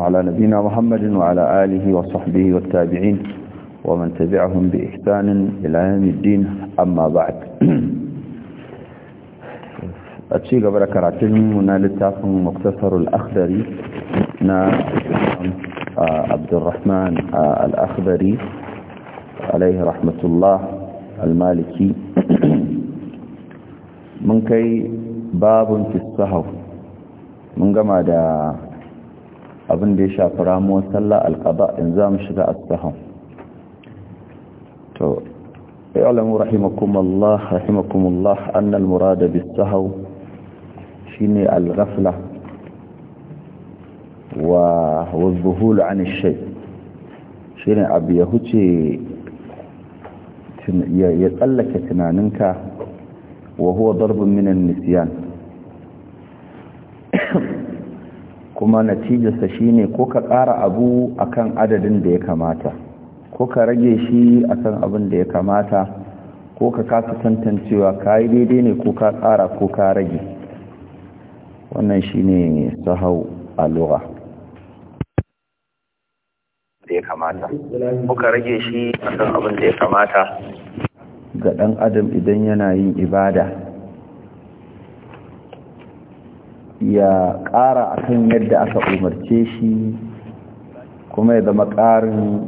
على نبينا محمد وعلى آله وصحبه والتابعين ومن تبعهم بإحسان إلى يوم الدين أما بعد أتشي قبل كراتين هنا لتاكم مقتصر الأخضري نا آه، عبد الرحمن آه، الأخضري عليه رحمة الله المالكي من كي باب في الصحف من قمع abin da ya shafi ramuwar sallah alƙaba in za mu shiga asbahan to ya'lamu rahimakumullah rahimakumullah anna murada bis-sahw shine al-ghafla wa wadh 'an ash-shay shine abu ya huce ya tsallake tunaninka wa huwa darbun min nisyan kuma natijarsa shine ko ka ƙara abu akan adadin da ya kamata ko ka rage shi akan abin da ya kamata ko ka kasa tantancewa ka yi daidai ne ko ka ƙara ko ka rage wannan shine sahau a lura da ya kamata ko ka rage shi akan abin da ya kamata ga ɗan adam idan yana yin ibada ya ƙara akan yadda aka umarce shi kuma ya zama ƙarin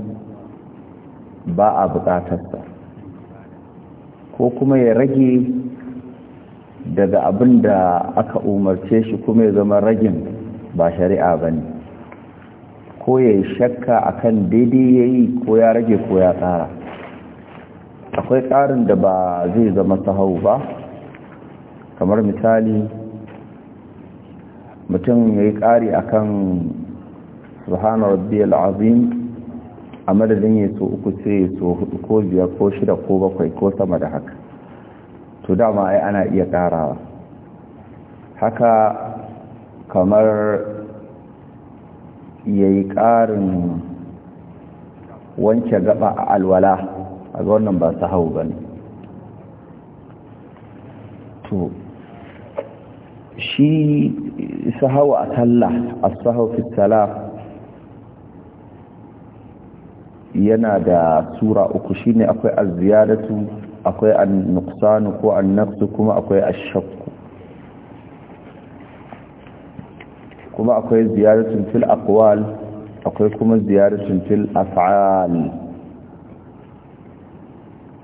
ba a buƙatarsa ko kuma ya rage daga abin da aka umarce shi kuma ya zama ragin ba shari'a ba ne ko ya shakka akan daidai ya yi ko ya rage ko ya ƙara akwai ƙarin da ba zai zama sahau ba kamar misali mutum ya yi ƙari a kan suhana rabbi al'azim a madadin ya so uku sai ya so hudu ko biyar ko shida ko bakwai ko sama da haka to dama ai ana iya ƙarawa haka kamar ya yi ƙarin wanke gaba a alwala a ga wannan ba su hau ba to shi sahawa a sallah a sahau fi yana da sura uku shine akwai az-ziyadatu akwai an-nuqsan ko an-naqs kuma akwai ash-shakk kuma akwai ziyaratun fil aqwal akwai kuma ziyaratun fil af'al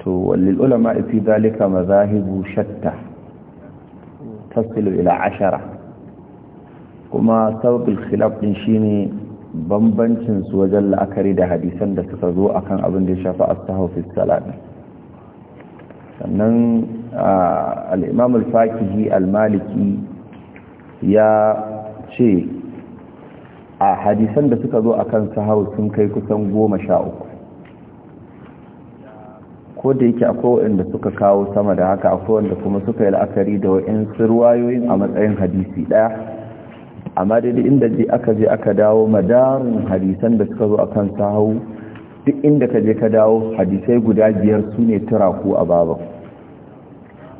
to walil ulama fi dalika mazahibu shatta tasilu ila ashara kuma sababin khilaf din shine bambancin su wajen la'akari da hadisan da suka zo akan abin da ya shafa as-sahw fi salat sannan al al-fakihi al-maliki ya ce a hadisan da suka zo akan sahau sun kai kusan goma sha uku ko da yake akwai waɗanda suka kawo sama da haka akwai wanda kuma suka yi la'akari da wa'in sirwayoyin a matsayin hadisi daya. amma daidai inda je aka je aka dawo madarin hadisan da suka zo a kan sahau duk inda ka je ka dawo hadisai guda biyar su ne turaku a baba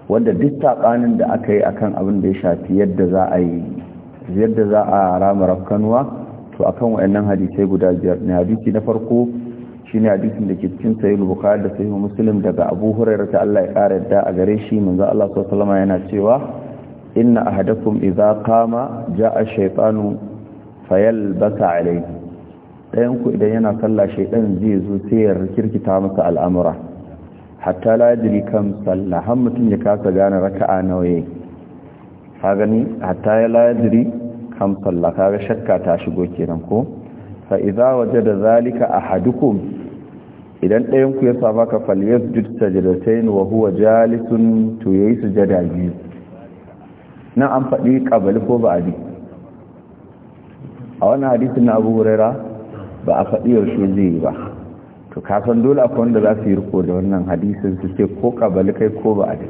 wanda duk saƙanin da aka yi akan abin da ya shafi yadda za a yi yadda za a rama rafkanuwa to akan waɗannan hadisai guda biyar ne hadisi na farko shine hadisin da ke cikin sayi bukhari da sahih muslim daga abu hurairar ta Allah ya kara yadda a gare shi manzo Allah sallallahu yana cewa inna ahadakum idza qama jaa shaytanu fayalbasa alayhi dayan ku idan yana sallah shaytan zai zo sai ya kirkita masa al'amura hatta la yadri kam sallah har mutum ya kasa gane raka'a nawa ka gani hatta la yadri kam sallah kaga shakka ta shigo kenan ko fa idza wajada zalika ahadukum idan ɗayanku ya saba ka falyas jud wa huwa jalisun to yayi sujada biyu nan an faɗi ƙabali ko ba a ji a wani hadisun na abu wurera ba a faɗi yaushe zai yi ba to kafin dole akwai wanda za su yi riko da wannan hadisun su ce ko ƙabali kai ko ba a ji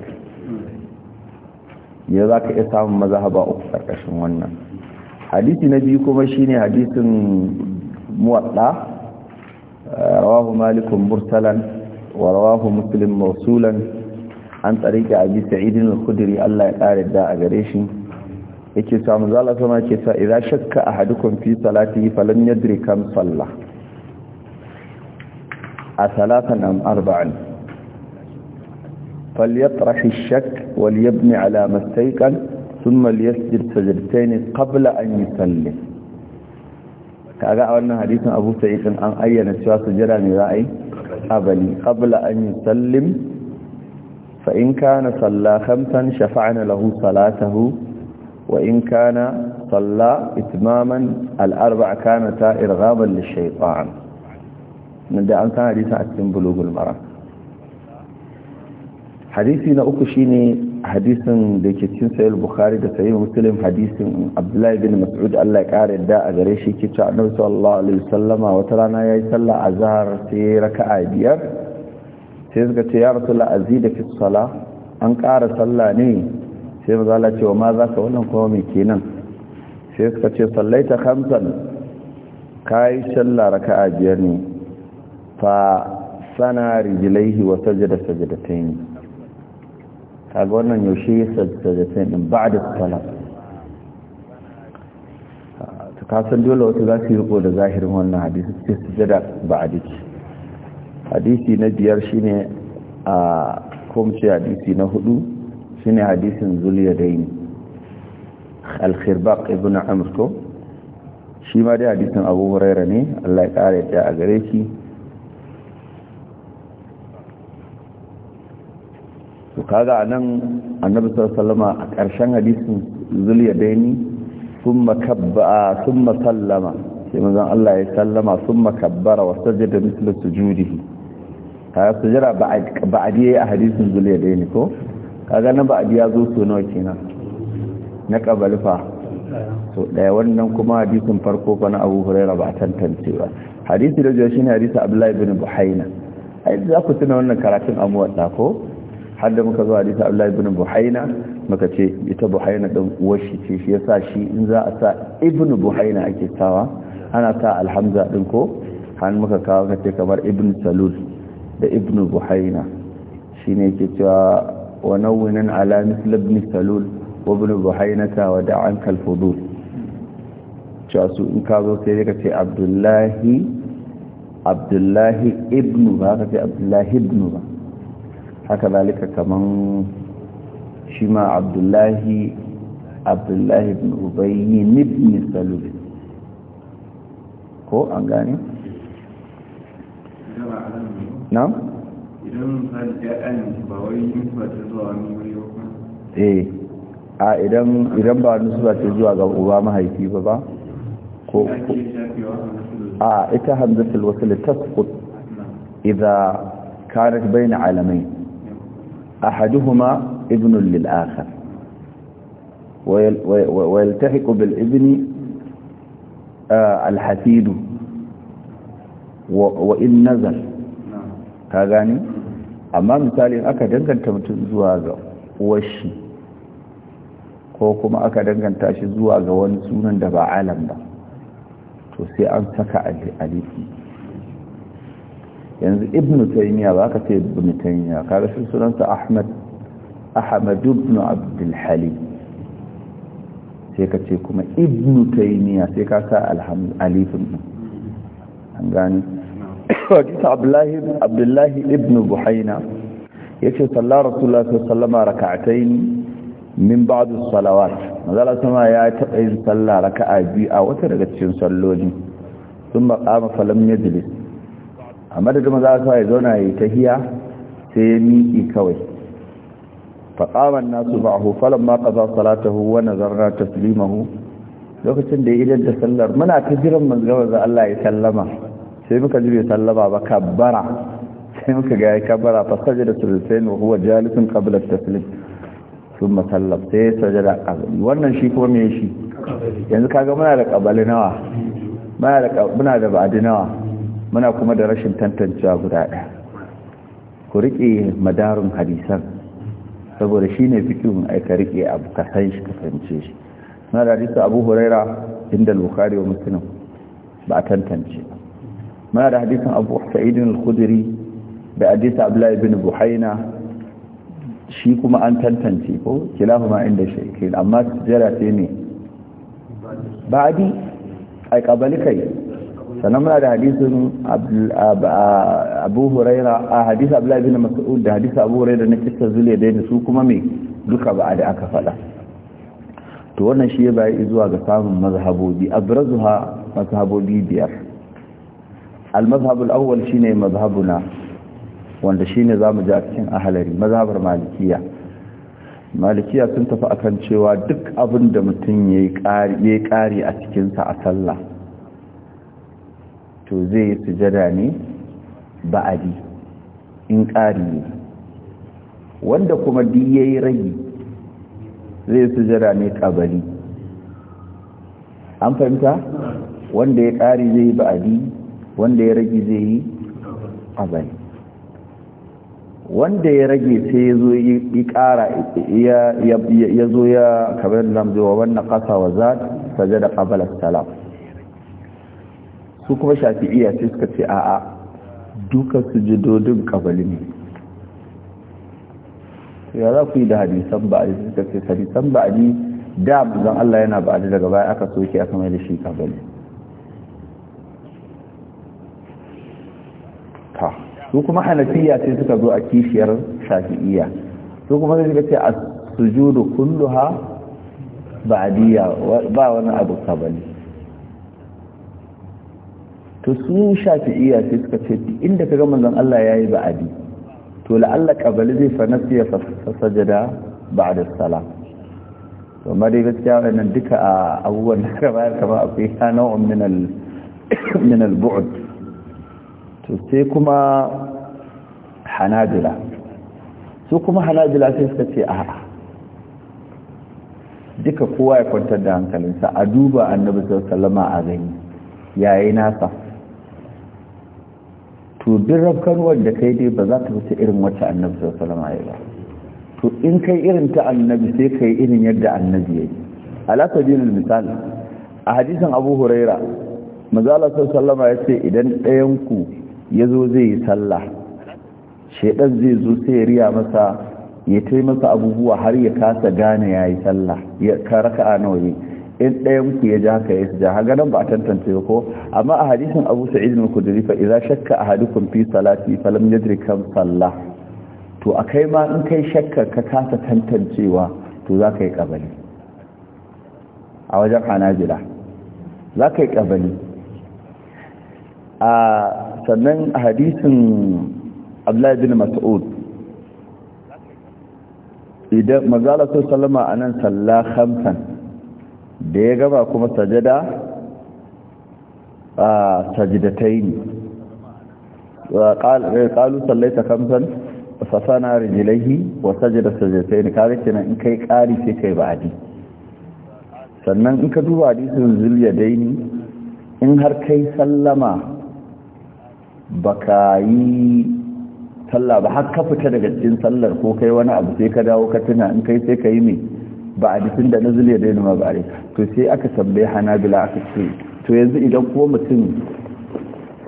ya za ka iya samun maza ba uku ƙarƙashin wannan hadisi na biyu kuma shine hadisin muwaɗa rawahu malikun mursalan wa rawahu muslim mausulan an tsariki abi sa'idin al-khudri Allah ya kare da a gare shi yake sa manzo Allah sama ke sa idza shakka ahadukum fi salatihi falan yadri kam salla a salatan am arba'an falyatrah ash-shakk walyabni ala mastayqan thumma liyasjud sajdatayn qabla an yusalli kaga a wannan hadisin Abu Sa'id an ayyana cewa sujada ne za a yi qabli qabla an yusallim fa in kana salla khamsan shafa'na lahu salatahu wa in kana salla itmaman al-arba'a kana ta irghaban lish-shaytan da an san hadisi a cikin bulugul mara hadisi na uku shine hadisin da ke cikin sayar bukhari da sayar muslim hadisin abdullahi bin mas'ud allah ya kare da a gare shi ke cewa annabi sallallahu alaihi wasallama wata rana yayi sallah azhar sai raka'a biyar sai suka ce ya rasu la'azi da fi sala an ƙara salla ne sai ba za la cewa ma za ka wannan kuma mai kenan sai suka ce sallai ta kamsan ka yi shalla raka a biyar ne fa sana rijilaihi wa sajada sajadatai ne ga wannan yaushe sajadatai in ba da sala ta kasan dole wasu za su yi ko da zahirin wannan hadisi sai sujada ba a hadisi na biyar shine a kumce hadisi na hudu shine hadisin zuliyadaini al-khirbaq ibn amr ko shi ma dai hadisin abu huraira ne Allah ya kare ta a gare shi to kaga anan annabi sallallahu alaihi a karshen hadisin zuliyadaini thumma kabba thumma sallama sai manzon Allah ya sallama thumma kabbara wa sajada mithla sujudihi jira sujada ba'adi yayi a hadisun zule da ne ko kaga na a diya zo su nawa kenan na kabali so daya wannan kuma hadisun farko ba na Abu Hurairah ba tantance ba hadisun da jiya ne hadisi Abdullahi bin Buhaina yi za ku tuna wannan karatun amuwa ta ko har muka zo Hadisa Abdullahi bin Buhaina muka ce ita Buhaina din uwar shi ce shi ya sa shi in za a sa ibn Buhaina ake sawa ana sa alhamza ɗin ko hannu muka kawo kace kamar ibn Salul da ibn buhaina shi ne ke cewa wa nawwinan ala misl ibn salul wa ibn buhainata wa da'an kal fudul cewa su in ka zo sai ka ce abdullahi abdullahi ibn ba ka ce abdullahi ibn ba haka zalika kaman shi ma abdullahi abdullahi ibn ubayyin ibn salul ko an gane na'am idan falja'an ba wai nufa ta zuwa wani eh a idan idan ba nufa ta zuwa ga uba mahaifi ba ba ko a ita hamzatul wasl tasqut idza kanat bayna alamayn ahaduhuma ibn lil akhar ويلتحق بالابن الحفيد وإن نزل ka gani amma misalin aka danganta mutum zuwa ga uwashi ko kuma aka danganta shi zuwa ga wani sunan da ba alam ba to sai an saka alifi yanzu ibnu taymiya ba ka ce ibnu taymiya ga shi sunansa ahmad ahmad ibn abdul halim sai ka ce kuma ibnu taymiya sai ka sa alhamdulillah alifin an gani wakisa abdullahi ibn buhaina ya ce sallar rasulullah sallama raka'atain min ba'du salawat mazala sama ya taɓa yin sallah raka'a biyu a wata daga cikin salloli sun maƙama falon yajlis a madadin mazala sama ya zauna ya yi tahiya sai ya miƙi kawai faƙaman nasu maka falon ma ƙaza salatahu wa nazarna taslimahu lokacin da ya idan da sallar muna ta jiran manzawar za Allah ya sallama sai muka ji bai sallama ba kabbara sai muka ga ya kabbara fa sajada sulsain wa huwa jalisun qabla taslim thumma sallam sai sajada qabli wannan shi kuma me shi yanzu kaga muna da qabali nawa muna da muna da ba'di nawa muna kuma da rashin tantancewa guda daya ku rike madarun hadisan saboda shine fikihun ai ka rike abu ka san shi ka fahimce shi na da hadisi Abu Huraira inda al-Bukhari wa Muslim ba tantance ba muna da hadisin abu sa'idin al-khudri da hadisa abdullahi bin buhaina shi kuma an tantance ko kilahuma inda shaykhin amma tijara ce ne ba'di ai qabali kai sannan muna da hadisin abu huraira a hadisa abdullahi bin mas'ud da hadisa abu huraira na kissa zule da su kuma me duka ba da aka faɗa. to wannan shi ya bayi zuwa ga samun mazhabobi abrazuha mazhabobi biyar al-mazhab al-awwal shine mazhabuna wanda shine zamu ji a cikin ahalari mazhabar malikiya malikiya sun tafi akan cewa duk abin da mutum ya yi ƙari a cikinsa a sallah to zai yi sujada ne ba'adi in ƙari ne wanda kuma ya yi ragi zai yi sujada ne ƙabari. an fahimta wanda ya ƙari zai yi ba'adi wanda ya rage zai yi azali wanda ya rage sai ya zo yi ƙara ya zo ya kabar lamzewa wannan ƙasa wa za ta je da ƙabalar salam su kuma shafi'iya sai suka ce a'a duka su ji dodin ƙabali ne ya za ku yi da hadisan ba'adi suka ce hadisan ba'adi da zan Allah yana ba'adi daga baya aka soke aka mai da shi ƙabali su kuma hanafiya sai suka zo a kishiyar shafi'iyya su kuma sai suka ce a sujudu kulluha ba'diyya ba wani abu kabali to su shafi'iyya sai suka ce inda ka gama manzon Allah ya yi ba'adi to la'alla kabali zai fa nasiya fa sajada baad salam to mari gaskiya wannan duka a ah, abubuwan da ka bayar kama akwai nau'un min al min al-bu'd to sai kuma hanajila. su kuma hanajila sai suka ce a'a duka kowa ya kwantar da hankalinsa a duba annabi sallama a gani yayi nasa to duk rabkan da kai dai ba za ta wuce irin wacce annabi sallama ya ba to in kai irin ta annabi sai kai irin yadda annabi ya yi da misali a hadisin abu huraira mazala sallama ya ce idan ɗayanku ya zo zai yi sallah shaidan zai zo sai ya riya masa ya tai masa abubuwa har ya kasa gane ya yi sallah ya karaka a nauyi in ɗayan ku ya ji haka ya su ja haga nan ba a tantance ko amma a hadisin abu sa'id ku da fa idza shakka a hadukun fi salati falam yadri kam sallah to akai ma in kai shakka ka kasa tantancewa to za ka yi kabali a wajen hanajila za ka yi kabali a sannan a hadisin abdullahi bin mas'ud idan mazala sun salama a nan salla hamsan da ya gaba kuma sajada a sajidatai ne ƙalu ta hamsan sassana rijilaihi wa sajada sajidatai ne kare kenan in kai ƙari sai kai ba'adi sannan in ka duba hadisin zulya daini in har kai sallama baka yi sallah ba har ka fita daga cikin sallar ko kai wani abu sai ka dawo ka tuna in kai sai ka yi ne ba a jikin da nazuli ya daina ba a to sai aka tambaye hanabila aka ce to yanzu idan ko mutum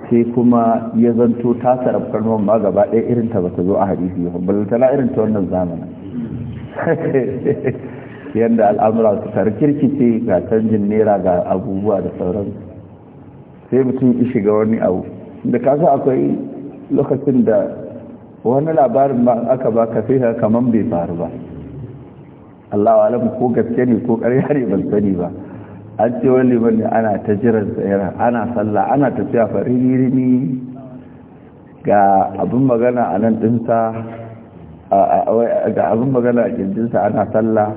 sai kuma ya zanto ta sarrafa nuwan ma gaba ɗaya irin ta bata zo a hadisi ba balantana irin ta wannan zamanin yadda al'amura su tare kirkice ga canjin naira ga abubuwa da sauran sai mutum ya shiga wani abu da kasa akwai lokacin da wani labarin ba aka ba ka sai kamar bai faru ba Allah wa alamu ko gaske ne ko ƙarya ne ban sani ba an ce wani ne ana ta jiran tsayar ana sallah ana tafiya faririni ga abin magana a nan ɗinsa ga abin magana a ƙirjinsa ana sallah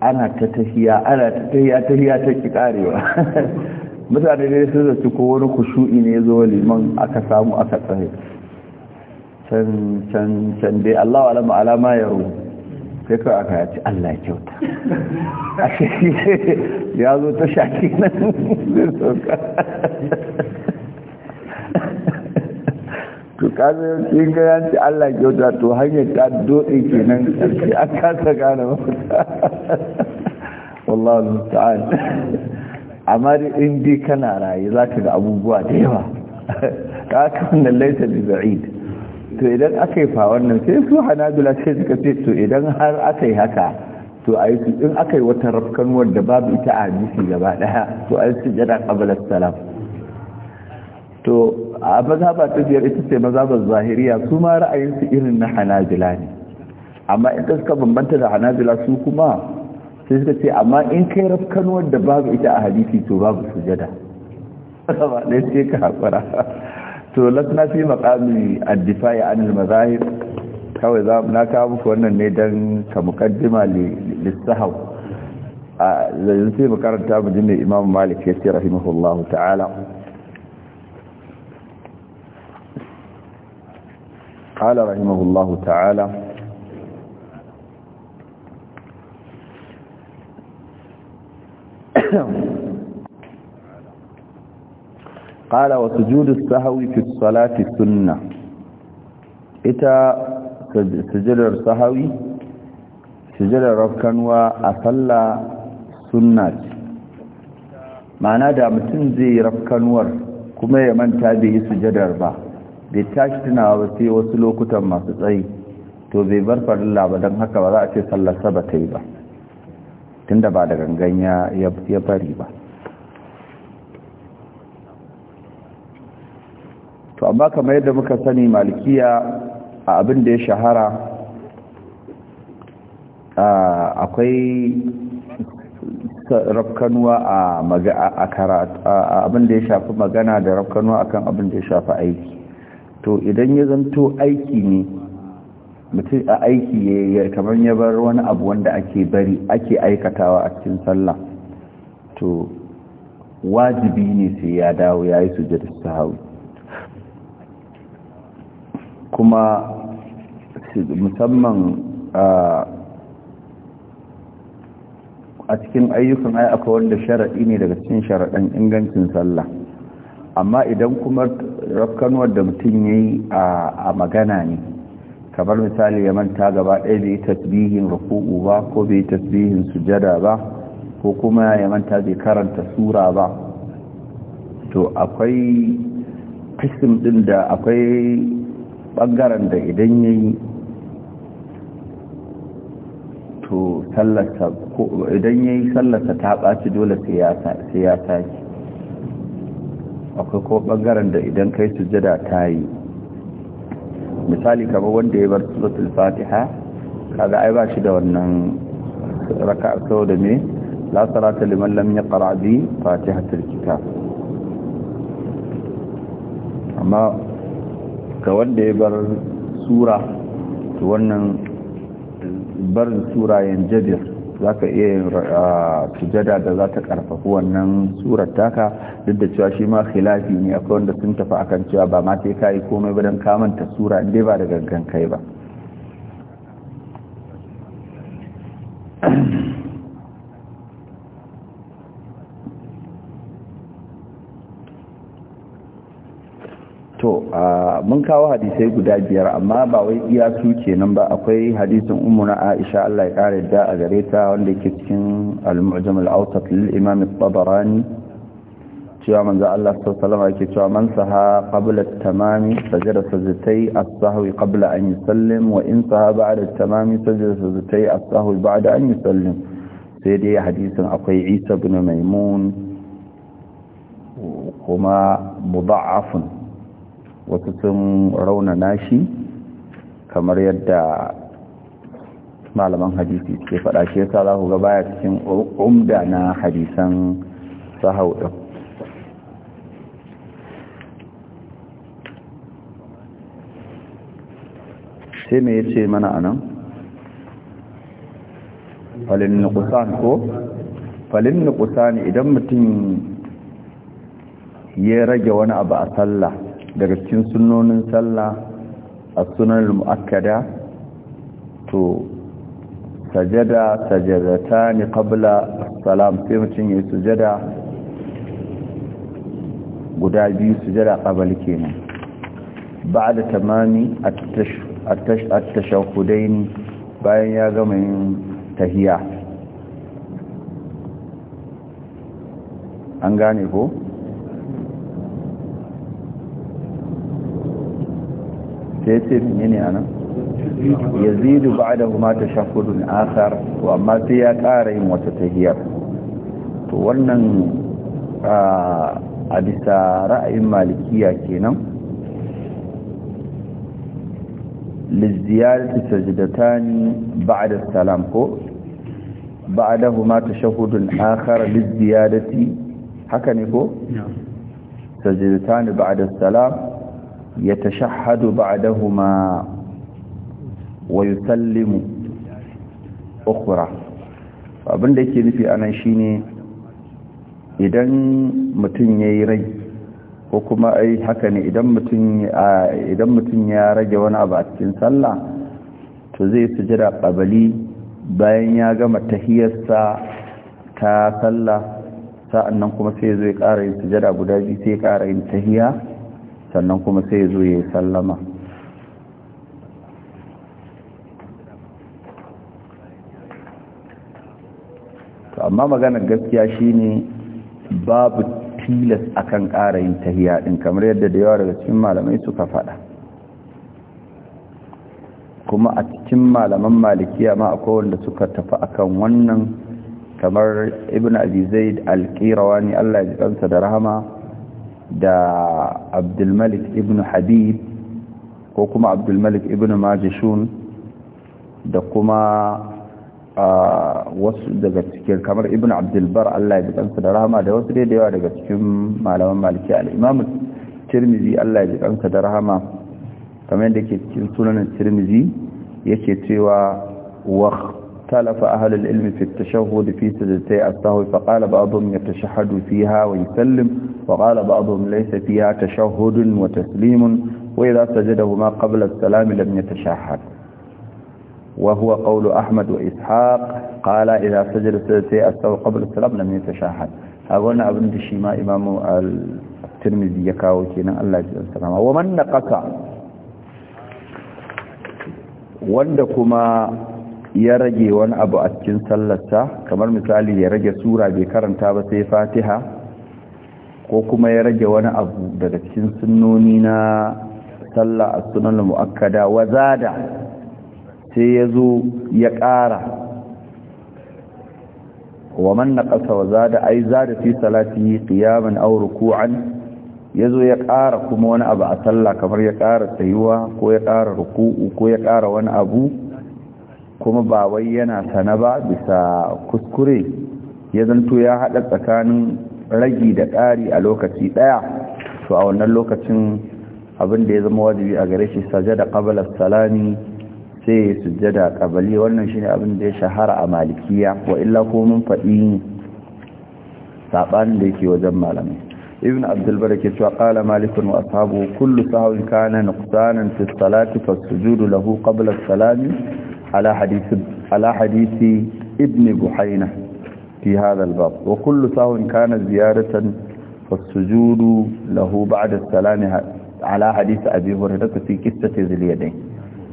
ana ta tafiya ana ta tafiya ta ki ƙarewa mutane dai sun zaci ko wani kushu'i ne ya zo liman aka samu aka tsaye can can can dai Allah alama alama ya rubu sai kawai aka yaci Allah ya kyauta a shi ya zo ta shaki nan zai sauka to kaza yankin ce Allah kyauta to hanyar ta doɗe kenan ƙarshe an kasa gane mafita wallahu ta'ala amma in dai kana raye za ka ga abubuwa da yawa ta aka wannan laita da to idan aka yi fa wannan sai su hanabila sai suka ce to idan har aka yi haka to a yi in aka yi wata rafkan wanda babu ita a hadisi gaba daya to a yi su jira salam to a mazhaba ta biyar ita ce ba zahiriya su ma ra'ayinsu irin na hanazila ne amma in suka bambanta da hanazila su kuma sai suka ce amma in kai rafkanuwar da babu ita a hadisi to babu sujada ba dai sai ka hakura to lasna fi maqami ad-difa'i an al-mazahib kawai za na kawo muku wannan ne dan ka muqaddima lis a yanzu sai mu mu ji Imam Malik ya ce rahimahullahu ta'ala قال رحمه الله تعالى qala wa sujudu sahwi fi salati sunna ita sujudar sahawi sujudar rafkanwa a sallah sunna ce ma'ana da mutum zai yi rafkanwar kuma ya manta bai yi sujadar ba bai tashi tunawa ba sai wasu lokutan masu tsayi to bai bar farilla ba don haka ba za a ce sallarsa ba ta yi ba tunda ba da gangan ya bari ba to amma kamar yadda muka sani malikiya a abin da ya shahara akwai rafkanuwa a abin da ya shafi magana da rafkanuwa akan abin da ya shafi aiki to idan ya zanto aiki ne mutum a aiki kamar ya bar wani abu wanda ake bari ake aikatawa a cikin sallah to wajibi ne sai ya dawo ya yi sujadar sahawi kuma musamman a cikin ayyukan ai akwai wanda sharaɗi ne daga cikin sharaɗin ingancin sallah amma idan kuma rafkanuwar da mutum ya yi a magana ne kamar misali ya manta gaba ɗaya bai yi tasbihin ruku'u ba ko bai tasbihin sujada ba ko kuma ya manta bai karanta sura ba to akwai kisim ɗin da akwai ɓangaren da idan ya yi to idan ya yi sallasa ta ɓaci dole sai ya tashi akwai ko ɓangaren da idan kai sujada ta yi misali kamar wanda ya bar suratul fatiha kaga ai ba shi da wannan raka'a sau da me la salata liman lam yaqra bi fatihatul kitab amma ga wanda ya bar sura to wannan barin sura yanjabir za ka iya yin sujada da za ta karfafi wannan surar taka duk da cewa shi ma khilafi ne akwai wanda sun tafi akan cewa ba ma sai kayi komai ba don kamanta sura inda ba da gangan kai ba to mun kawo hadisai guda biyar amma ba wai iya su kenan ba akwai hadisin ummuna Aisha Allah ya kare da a gare ta wanda yake cikin al-Mu'jam al-Awsat lil Imam al-Tabarani cewa manzo Allah sallallahu alaihi wasallam yake cewa man saha qabla at-tamami sajada sajdatay as-sahwi qabla an yusallim wa in saha ba'da at-tamami sajada sajdatay as-sahwi ba'da an yusallim sai dai hadisin akwai Isa ibn Maimun kuma mudha'afun wasu sun raunana shi kamar yadda malaman hadisi ke faɗa shi yasa za ku ga baya cikin umda na hadisan sahau ɗin sai me yace mana anan falin nukusan ko falin nukusan idan mutum ya rage wani abu a sallah daga cikin sunnonin sallah a sunan mu'akkada to sajada sajadata ne kabla salam sai mutum ya sujada guda biyu sujada kabali kenan ba da tamami a tashakudaini bayan ya gama yin tahiya an gane ko? da ya ce ne a nan ya zidu ba da kuma ta shafudu na asar to amma sai ya kara yin wata ta hiyar. to wannan a bisa ra'ayin malikiya kenan liziyar ta sajidata ni ba da salam ko ba da kuma ta shafudu na asar liziyar haka ne ko sajidata ne ba da salam ko يتشهد بعدهما ويسلم أخرى abin da yake nufi anan shine idan mutum yi rai ko kuma ai haka ne idan mutum mutum ya rage wani abu a cikin sallah to zai sujada qabali bayan ya gama tahiyarsa ta sallah sa'annan kuma sai zai ƙara yin sujada guda biyu sai ƙara yin tahiya sannan kuma sai zo ya sallama to amma maganar gaskiya shine babu tilas akan ƙara yin tahiya din kamar yadda da yawa daga cikin malamai suka faɗa kuma a cikin malaman malikiya ma akwai wanda suka tafi akan wannan kamar ibn abi zaid al-qirawani Allah ya ji kansa da rahama da abdulmalik ibn habib ko kuma abdulmalik ibn majishun da kuma wasu daga cikin kamar ibn abdulbar allah ya kansa da rahama da wasu daidaiwa daga cikin malaman maliki al'imamu tirmizi allah ya kansa da rahama kamar yadda ke cikin sunanin tirmizi yake cewa wa اختلف أهل العلم في التشهد في سجدتي السهو فقال بعضهم يتشهد فيها ويسلم وقال بعضهم ليس فيها تشهد وتسليم وإذا سجدهما قبل السلام لم يتشهد وهو قول أحمد وإسحاق قال إذا سجد سجدتي السهو قبل السلام لم يتشهد أقولنا أبن دشيما إمام الترمذي يكاوكينا الله جل السلام ومن نقص وند كما ya rage wani abu a cikin sallarsa kamar misali ya rage sura bai karanta ba sai fatiha ko kuma ya rage wani abu daga cikin sunnoni na sallah a sunan mu'akkada wazada sai ya zo ya ƙara wa man naqasa wazada ai zada fi salati qiyaman aw ruku'an ya zo ya ƙara kuma wani abu a sallah kamar ya ƙara tsayuwa ko ya ƙara ruku'u ko ya ƙara wani abu kuma ba wai yana sana ba bisa kuskure ya zanto ya haɗa tsakanin ragi da ƙari a lokaci ɗaya to a wannan lokacin abin da ya zama wajibi a gare shi sajada qabla salami sai ya sujjada qabali wannan shine abin da ya shahara a malikiya wa illa ko mun faɗi sabanin da yake wajen malamai ibn abdul barak ya cewa qala malik wa ashabu kullu sahwin kana nuqsanan fi salati fa sujudu lahu qabla salami على حديث على حديث ابن بحينة في هذا الباب وكل سهو كان زيارة فالسجود له بعد السلام على حديث أبي هريرة في قصة ذي اليدين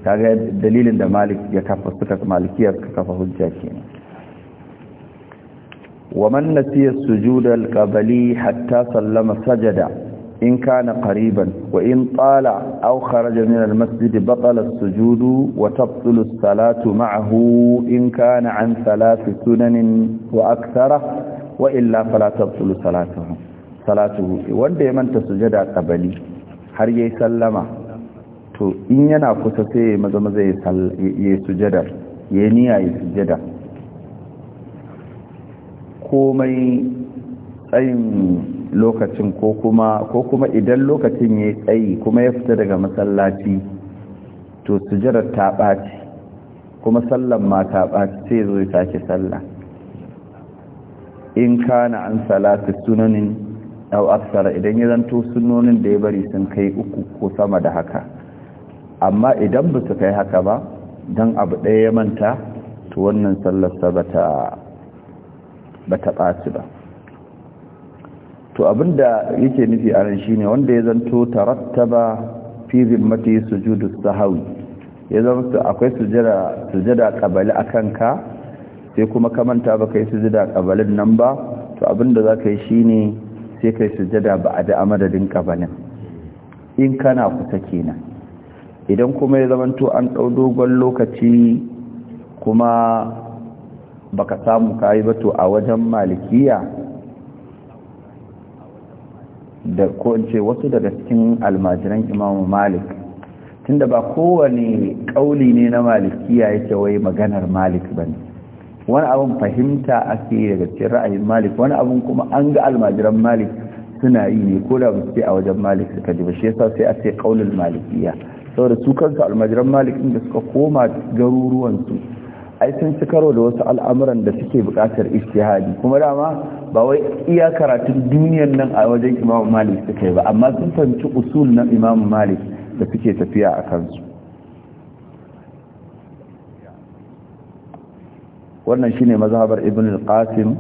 kaga dalilin da malik ya kafa suka malikiya kafa hujja wa man nasiya hatta sallama sajada in kana qariban wa in tala aw kharaja min al batala as-sujudu wa tabtulu as-salatu ma'ahu in kana an thalathi sunanin wa akthara wa illa fala tabtulu salatuhu salatuhu wanda ya manta sujada qabali har yayi sallama to in yana kusa sai maza maza yayi sujada yayi niyya yayi sujada komai tsayin lokacin ko kuma ko kuma idan lokacin ya tsayi kuma ya fita daga masallaci to sujarar ta ɓaci kuma sallan ma ta ɓaci sai zo ya sake sallah in kana an salatu sunanin au afsara idan ya zanto sunonin da ya bari sun kai uku ko sama da haka amma idan ba su kai haka ba dan abu ɗaya ya manta to wannan sallarsa ba ta ɓaci ba to abinda yake nufi a ran shine wanda ya zanto tarattaba fi zimmati sujudu sahawi ya zama akwai sujada sujada kabali akan ka sai kuma ka manta ba kai sujada kabalin nan ba to abinda zaka yi shine sai kai sujada ba a da amadadin kabalin in kana kusa kenan idan kuma ya zamanto an dau dogon lokaci kuma baka samu kai ba to a wajen malikiya da ko in ce wasu daga cikin almajiran imamu malik tunda ba kowane kauli ne na malikiya yake wai maganar malik ba ne wani abin fahimta ake daga cikin ra'ayin malik wani abin kuma an ga almajiran malik suna yi ne ko da ce a wajen malik suka ji ba shi yasa sai a ce kaulin malikiya saboda su kansu almajiran malik inda suka koma garuruwansu ai sun ci karo da wasu al'amuran da suke buƙatar istihadi kuma dama ba wai iya karatun duniyar nan a wajen imam malik suka yi ba amma sun fahimci usul na imam malik da suke tafiya a kansu wannan shine mazhabar ibn al-qasim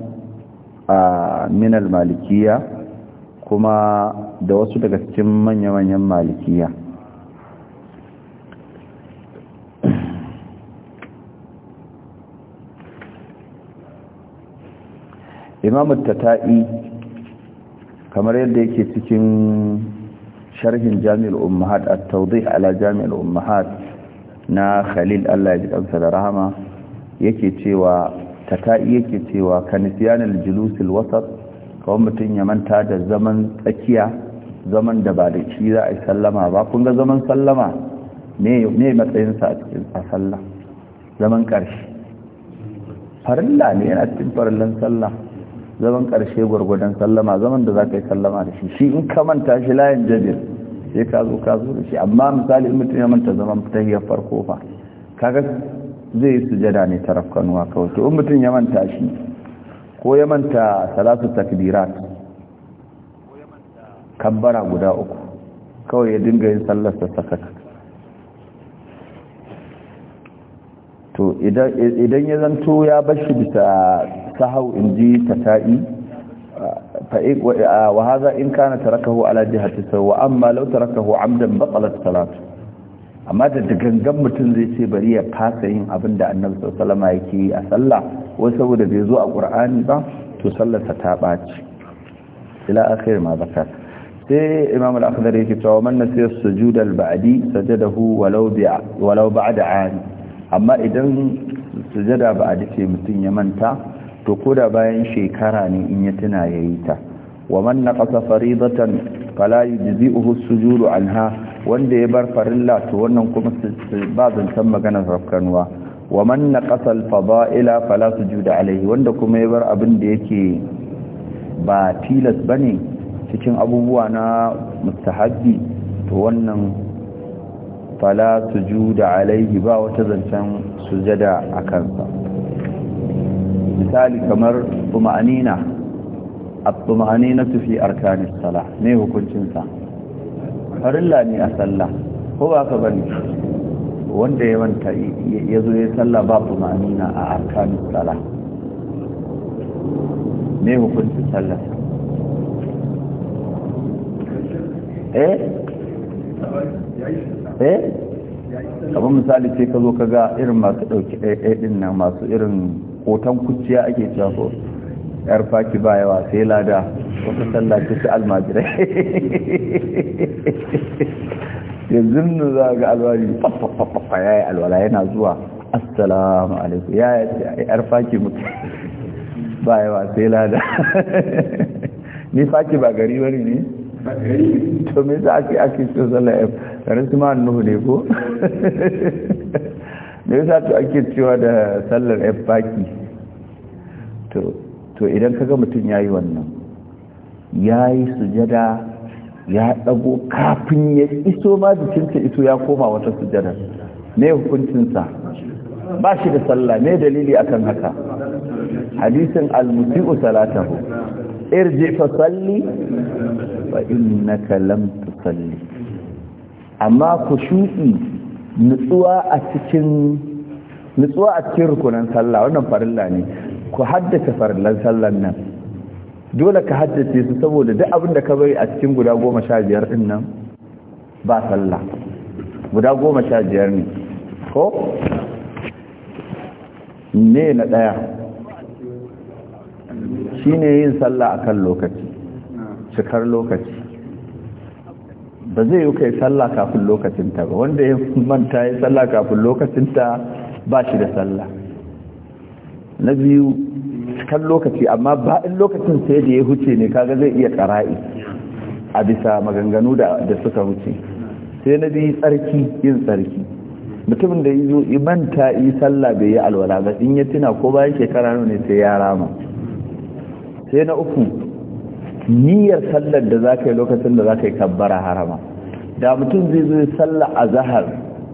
a min al-malikiyya kuma da wasu daga cikin manya-manyan malikiya imamu tata'i kamar yadda yake cikin sharhin jami'ul ummahat a tawdih ala jami'ul ummahat na khalil Allah ya ji kansa da rahama yake cewa tata'i yake cewa kanisiyanul julusil wasat kawai mutum ya manta da zaman tsakiya zaman da ba da shi za a yi sallama ba kun ga zaman sallama ne matsayinsa a cikin sallah zaman ƙarshe farilla ne yana cikin farillan sallah zaman ƙarshe gwargwadon sallama zaman da za ka yi sallama da shi shi in ka manta shi layin jabir sai ka zo ka zo da shi amma misali in mutum ya manta zaman tahiyar farko fa kaga zai yi sujada ne ta rafkanuwa kawai to in mutum ya manta shi ko ya manta salatu takbirat kabbara guda uku kawai ya dinga yin sallar ta sakaka to idan ya zanto ya bashi bisa sahau in ji tata'i wa haza in kana tarakahu ala jihati saw amma law tarakahu amdan batalat salatu amma da gangan mutum zai ce bari ya fasa yin abin da annabi sallallahu alaihi yake yi a sallah wai saboda bai zo a qur'ani ba to sallarsa ta baci ila akhir ma zakar sai imam al-akhdari yake cewa man nasiya sujud al-ba'di sajadahu walau bi'a walau ba'da 'ani amma idan sujada ba a dace mutum ya manta to koda bayan shekara ne in ya tuna ya yi ta wa man naqasa faridatan fala yujzi'uhu sujudu anha wanda ya bar farilla to wannan kuma ba zancan maganar rafkanwa wa man naqasa al-fada'ila fala sujuda alayhi wanda kuma ya bar abin da yake ba tilas bane cikin abubuwa na mustahabbi to wannan fala da alaihi ba wata zancen sujada a kansa misali kamar tumanina at-tumanina fi arkanis salah ne hukuncinsa sa farilla ne a sallah ko ba ka bane wanda ya manta yazo ya sallah ba tumanina a arkanis salah ne hukuncin sallah eh eh kamar misali ce ka zo ka ga irin masu ɗauki ɗaiɗai eh, eh, ɗin nan masu irin hoton kuciya ake cewa ko yar faki ba yawa sai lada wata sallah ce su almajirai yanzu nu za ga alwari fafafafafa ya yi alwala yana zuwa assalamu alaikum ya yar faki mutu ba yawa sai lada ni faki ba gari wani ne to me za ke ake so sallah garin su ma'an nuhu ne ko da yasa to ake cewa da sallar yan baki to idan kaga mutum ya yi wannan ya yi sujada ya ɗago kafin ya iso ma jikinta iso ya koma wata sujada ne hukuncinsa ba shi da sallah ne dalili akan haka hadisin al-musi'u salatahu irji fa salli fa innaka lam tusalli amma ku shuɗi nutsuwa a cikin rukunan sallah wannan farilla ne ku haddace farillan sallan nan dole ka haddace su saboda duk abin da ka bari a cikin guda goma sha biyar din nan ba sallah guda goma sha biyar ne ko ne na ɗaya shine yin sallah akan lokaci cikar lokaci ba zai yi kai sallah kafin lokacinta ba wanda ya manta ya sallah kafin lokacinta ba shi da sallah na biyu kan lokaci amma ba'in lokacin sai da ya huce ne kaga zai iya kara'i a bisa maganganu da suka huce sai na biyu tsarki yin tsarki mutumin da ya zo imanta yi sallah bai yi alwala ba in ya tuna ko bayan shekara ne sai ya rama sai na uku niyyar sallar da za lokacin da za ka yi kabbara harama da mutum zai zo sallar a zahar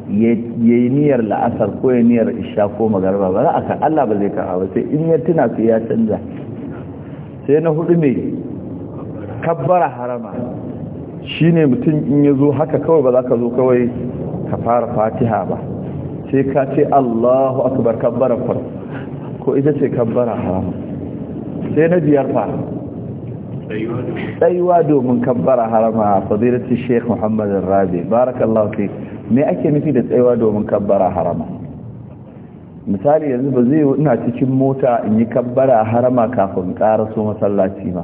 ya yi niyyar la'asar ko ya niyyar isha ko magarba ba za a kan allah ba zai karɓa ba sai in ya tuna su ya canza sai na hudu mai kabbara harama shi ne mutum in ya zo haka kawai ba za ka zo kawai ka fara fatiha ba sai ka ce allahu akbar kabbara farko ko ita ce kabbara harama sai na biyar fara tsayuwa domin kabbara harama fadilatun sheikh muhammad rabi barakallahu fi me ake nufi da tsayuwa domin kabbara harama misali yanzu ba zai ina cikin mota in yi kabbara harama kafin karaso masallaci ba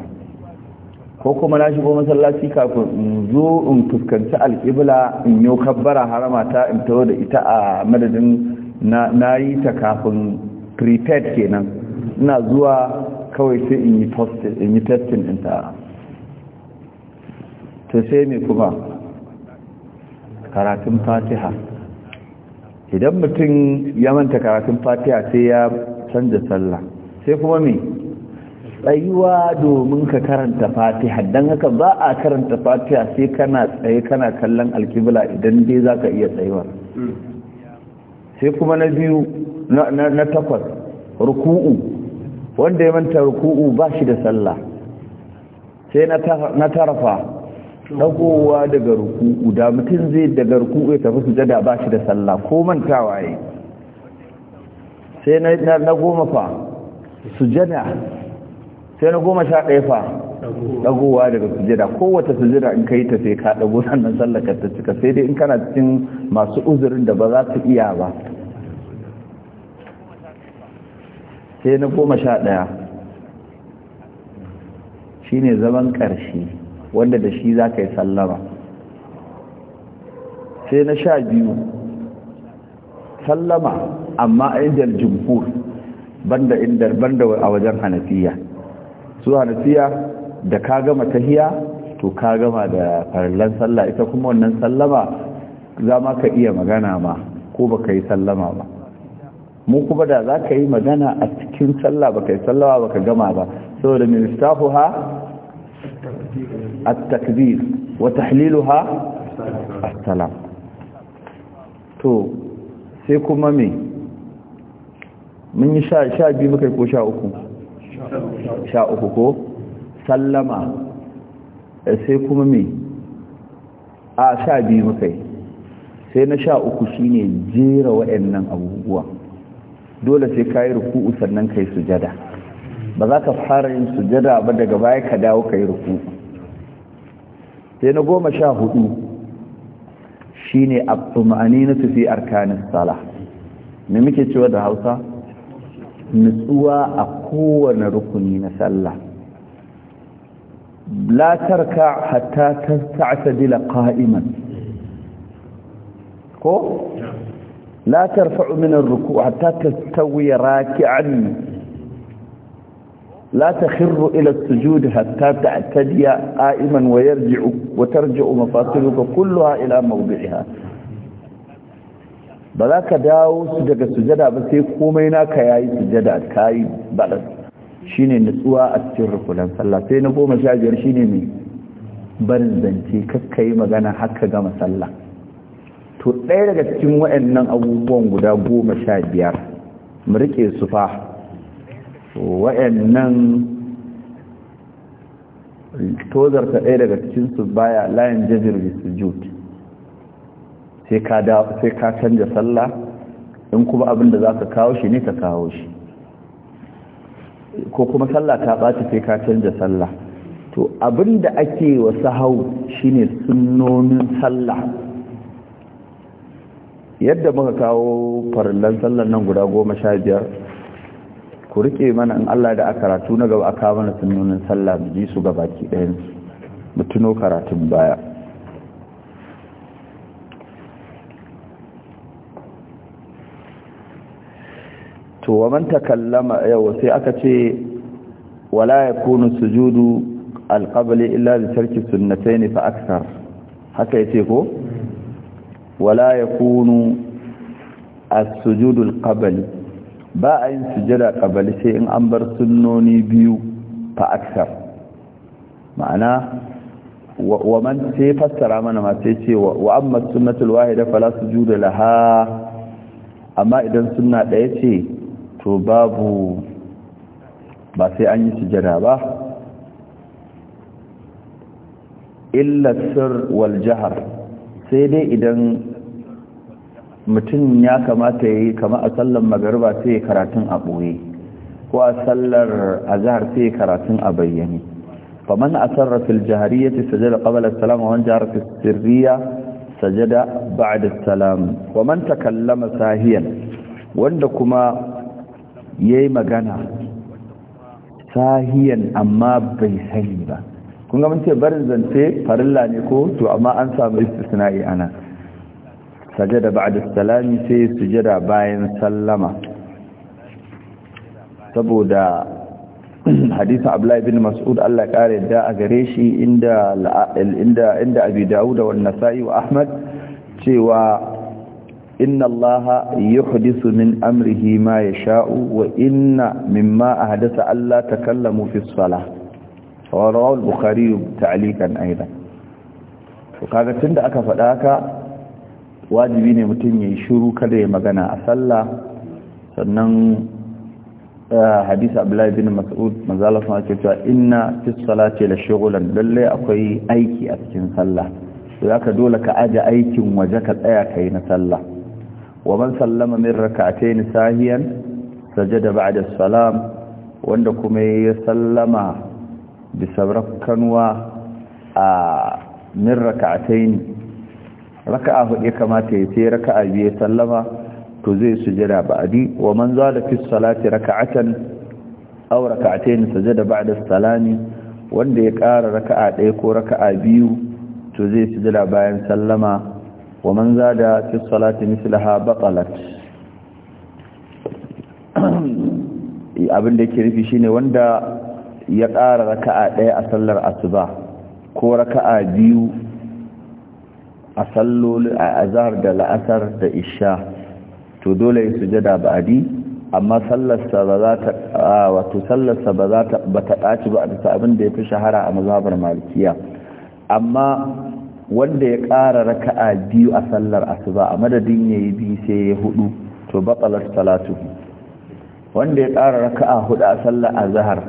ko kuma na shigo masallaci kafin in zo in fuskanci alƙibla in yi kabbara harama ta in tawo da ita a madadin na yi ta kafin prepared kenan ina zuwa kawai sai in yi posting in yi testing din ta to sai me kuma karatun fatiha idan mutum ya manta karatun fatiha sai ya canza sallah sai kuma me tsayuwa domin ka karanta fatiha don haka ba a karanta fatiha sai kana tsaye kana kallon alkibla idan dai za ka iya tsayuwa hmm. sai kuma na biyu na takwas ruku'u wanda ya manta ruku'u ba shi da sallah sai na tarafa dagowa daga ruku'u da mutum zai daga ruku'u ya tafi sujada ba shi da sallah ko mantawa yi sai na goma fa sujada sai na goma sha ɗaya fa dagowa daga sujada kowace sujada in ka yi tafe, ka ɗago sannan sallaka ta cika sai dai in kana cikin masu uzurin da ba za su iya ba sai na goma sha ɗaya shi ne zaman ƙarshe wanda da shi za ka yi sallama sai na sha biyu sallama amma a indar jimhur banda indar banda a wajen hanafiya su hanafiya da ka gama tahiya to ka gama da farallan sallah ita kuma wannan sallama za ma ka iya magana ma ko ba ka yi sallama ba mu kuma da za ka yi magana a cikin sallah ba ka yi ba ka gama ba saboda ministahu ha a takbir wa tahlilu ha assalam to sai kuma me mun yi sha biyu muka yi ko sha uku sha uku ko sallama eh, sai kuma me a sha biyu muka yi sai na sha uku shine jera wa'annan abubuwa dole sai ka yi ruku'u sannan ka yi sujada ba za ka fara yin sujada ba daga baya ka dawo ka yi ruku'u sai na goma sha hudu shi ne tsumani na tafi arkanin sala me muke cewa da hausa nutsuwa a kowane rukuni na sallah latar ka hatta dila kaiman ko la tarfa'u min ar-ruku' hatta tastawi raki'an la takhirru ila as-sujud hatta ta'tadi qa'iman wa yarji'u wa tarji'u mafasiluka kulluha ila mawdi'iha ba za ka dawo su daga sujada ba sai komai naka yayi sujada kai balas shine nutsuwa a cikin rukunan sallah sai na goma sha biyar shine mai ban zance kakkai magana haka gama sallah to ɗaya daga cikin waɗannan abubuwan guda goma sha biyar mu riƙe su fa waɗannan tozarta ɗaya daga cikinsu baya layin jazir bisujud sai ka canja sallah in kuma abin da za ka kawo shi ne ka kawo shi ko kuma sallah ta ɓaci sai ka canja sallah to abin da ake wasu hau shine sunnonin sallah yadda muka kawo farillan sallan nan guda goma sha biyar ku riƙe mana in Allah da a karatu na gaba a kawo mana sunnonin sallah mu ji su gaba ki ɗayan mu tuno karatun baya to wa man takallama yau sai aka ce wala ya kunu sujudu alqabli illa li tarki sunnatayn fa akthar haka yace ko wala ya kunu a sujudul ƙabali ba a yin sujada ƙabali sai in an bar sunnoni biyu fa ma'ana wa man sai fassara mana masu sai ce wa amma sunnatul wahida fala sujuda laha amma idan sunna ɗaya ce to babu ba sai an yi sujada ba illa sir jihar. sai dai idan mutum ya kamata ya yi kama a sallar magariba sai ya karatun a ɓoye ko a sallar azahar sai ya karatun a bayyane faman asarra fil jahariyati sajada qabla as-salam a wani jihar fi sirriya sajada ba'da as-salam wa man takallama sahiyan wanda kuma ya yi magana sahiyan amma bai sani ba kun ga mun ce barin zance farilla ne ko to amma an samu istisna'i ana sajada ba'da salami sai sujada bayan sallama saboda hadisin Abdullahi bin Mas'ud Allah ya kare da a gare shi inda inda inda Abi Dawud wa Nasa'i wa Ahmad cewa inna Allah yuhdisu min amrihi ma yasha'u wa inna mimma ahdatha Allah takallamu fi salah ورواه البخاري تعليقا ايضا وكذا tunda aka faɗa ka wajibi ne mutum yayi shiru kada ya magana a sallah sannan hadisi Abdullahi bin Mas'ud manzala sun ce cewa inna fi salati la shughlan lalle akwai aiki a cikin sallah to dole ka aje aikin waje ka tsaya kai na sallah wa man sallama min rak'atayn sahiyan sajada ba'da salam wanda kuma ya sallama bisa rakkanwa a min raka'ataini raka'a hudu kamata ya sai raka'a biyu sallama to zai sujada ba'di wa man zada fi salati raka'atan aw raka'ataini sujada ba'da salami wanda ya ƙara raka'a ɗaya ko raka'a biyu to zai sujada bayan sallama wa man zada fi salati mislaha batalat abin da yake rufi shine wanda ya ƙara raka'a ɗaya a sallar asuba ko raka'a biyu a salloli a azhar da la'asar da isha to dole ya sujada ba'adi amma sallarsa ba za ta wato sallarsa ba za ta ba ta ɗaci ba a bisa abin da ya fi shahara a mazhabar malikiya amma wanda ya ƙara raka'a biyu a sallar asuba a madadin ya yi biyu sai ya hudu to batsalar salatu wanda ya ƙara raka'a hudu a sallar azhar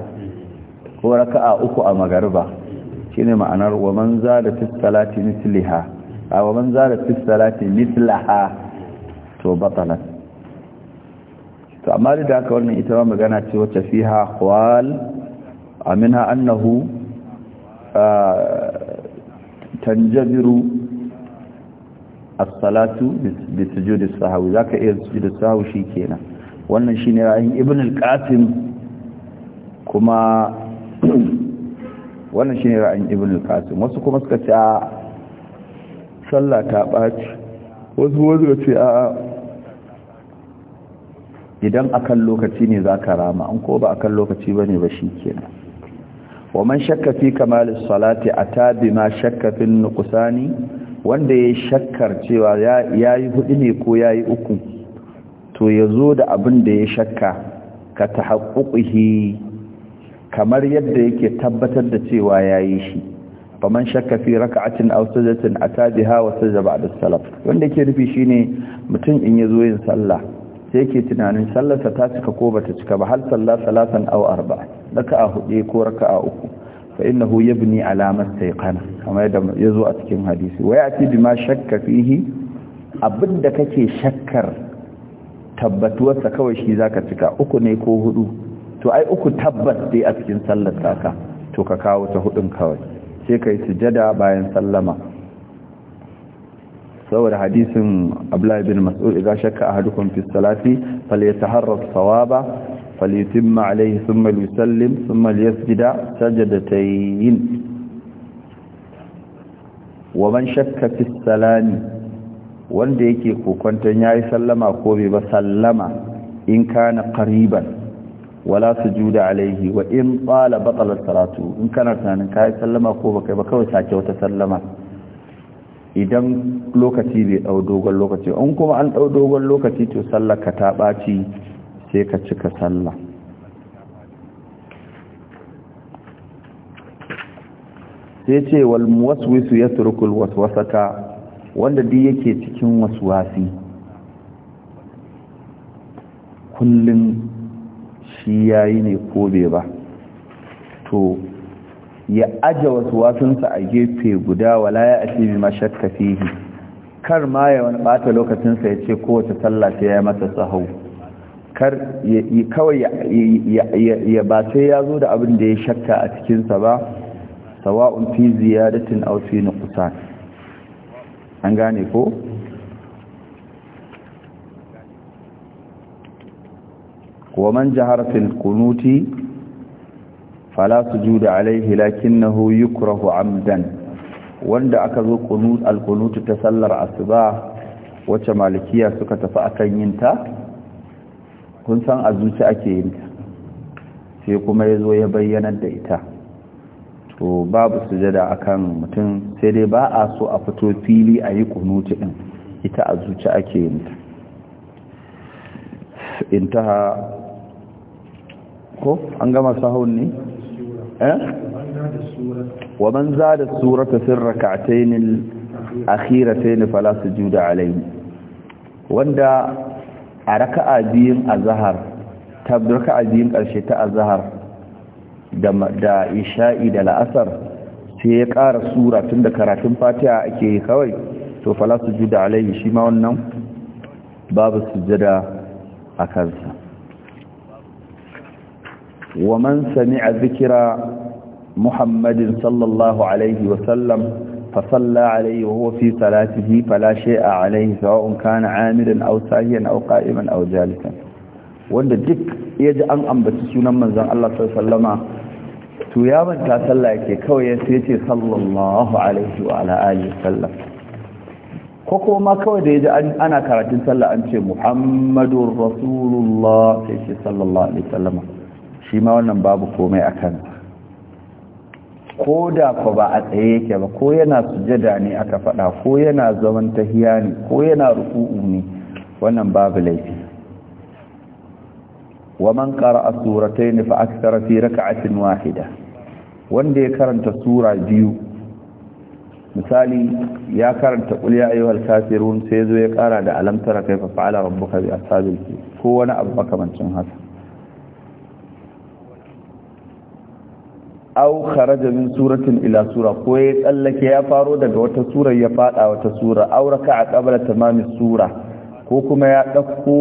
ko raka'a uku a magariba shine ma'anar wa man zada fi salati misliha a wa man zada fi salati mithlaha to batalat to amma da haka wannan ita ma magana ce wacce fiha qawl aminha annahu tanjabiru as-salatu bi sujudi sahwi zaka iya sujudi sahwi shikenan wannan shine ra'ayin ibn al-qasim kuma wannan shine ra'ayin ibn al-qasim wasu kuma suka ce a sallah ta baci wasu wasu suka ce a idan akan lokaci ne zaka rama an ko ba akan lokaci bane ba shikenan wa man shakka fi kamal as-salati atabi ma shakka fi nuqsani wanda ya shakkar cewa yayi hudu ne ko yayi uku to yazo da abin da ya shakka ka tahaqquhi kamar yadda yake tabbatar da cewa yayi shi man shakka fi rak'atin aw sajdatin atabiha wa sajda ba'da salat wanda yake rufi shine mutum in yazo yin sallah sai yake tunanin sallarsa ta cika ko bata cika ba hal sallah salatan aw arba'a raka'a hudu ko raka'a uku fa innahu yabni ala ma kamar yadda yazo a cikin hadisi wa yati bima shakka fihi abinda kake shakkar sa kawai shi zaka cika uku ne ko hudu to ai uku tabbas dai a cikin sallar taka to ka kawo ta hudun kawai sai ka yi sujada bayan sallama saboda hadisin abdullahi bin mas'ud idza shakka ahadukum fi salati falyataharra thawaba falyutimma alayhi thumma yusallim thumma yasjuda sajdatayn wa man shakka fi salati wanda yake kokonta yayi sallama ko bai ba sallama in kana qariban wala sujuda alaihi wa in tsala batalar salatu in kana tunanin kayi sallama ko baka ba kawai sake wata sallama idan lokaci bai dau dogon lokaci in kuma an dau dogon lokaci to sallaka ta baci sai ka cika sallah sai ce wal muwaswisu yatruku al waswasata wanda duk yake cikin waswasi kullun shi ya ne ko bai ba to ya aje wasu wasunsa a gefe guda wala ya ake bi mashakka fihi kar ma ya wani bata lokacinsa ya ce kowace sallah ya mata sahau kar kawai ya ba sai ya zo da abin da ya shakka a cikinsa ba sawa'un fi ziyadatin ausi na kusa an gane ko ومن جهر في القنوت فلا سجود عليه لكنه يكره عمدا wanda aka zo qunut al ta sallar asuba wacce malikiya suka tafi akan yin ta kun san a zuci ake yin ta sai kuma yazo ya bayyanar da ita to babu sujada akan mutum sai dai ba a so a fito fili a yi qunut din ita a zuci ake yin ta intaha ko an gama sahun ne eh wa man zada surata fi rak'atayn al-akhiratayn fala sujuda alayhi wanda a raka'a biyun azhar ta raka'a biyin karshe ta azhar da da isha'i da la'asar sai ya ƙara sura tunda karatun fatiha ake kawai to fala sujuda alayhi shi ma wannan babu sujada a kansa ومن سمع ذكر محمد صلى الله عليه وسلم فصلى عليه وهو في صلاته فلا شيء عليه سواء كان عاملا أو ساهيا أو قائما أو جالسا wanda duk ya ji an ambaci sunan manzan Allah sallama to ya manta sallah yake kawai ya sai ce sallallahu alaihi wa ala alihi sallam ko ma kawai da ya ji ana karatun sallah an ce muhammadur rasulullah sai ce sallallahu alaihi sallama shi ma wannan babu komai a Kano. ko da ku ba a tsaye yake ba ko yana sujada ne aka faɗa ko yana zaman tahiya ne ko yana ruku'u ne wannan babu laifi wa man qara'a suratayn fa akthara fi rak'atin wahida wanda ya karanta sura biyu misali ya karanta qul ya ayyuhal kafirun sai zo ya kara da alam tara fa fa'ala rabbuka bi ashabil ko wani abu makamancin haka au kharaja min suratin ila sura ko ya tsallake ya faro daga wata sura ya fada wata sura aw raka'a qabla tamami sura ko kuma ya dauko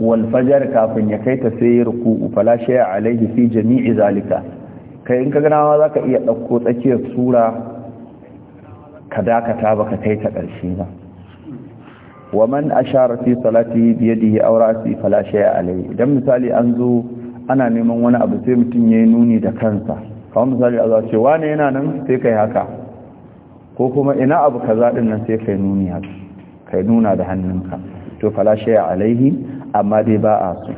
wal fajr kafin ya kai ta sai ruku'u fala shay'a alaihi fi jami'i zalika kai in ka ga nawa zaka iya dauko tsakiyar sura ka dakata baka kai ta karshe ba wa man ashara fi salati bi yadihi aw ra'si fala shay'a alaihi dan misali an zo ana neman wani abu sai ya yi nuni da kansa kamar misali a zace wane yana nan sai kai haka ko kuma ina abu ka zaɗin nan sai kai nuni haka kai nuna da hannunka to fala shaya alaihi amma dai ba a su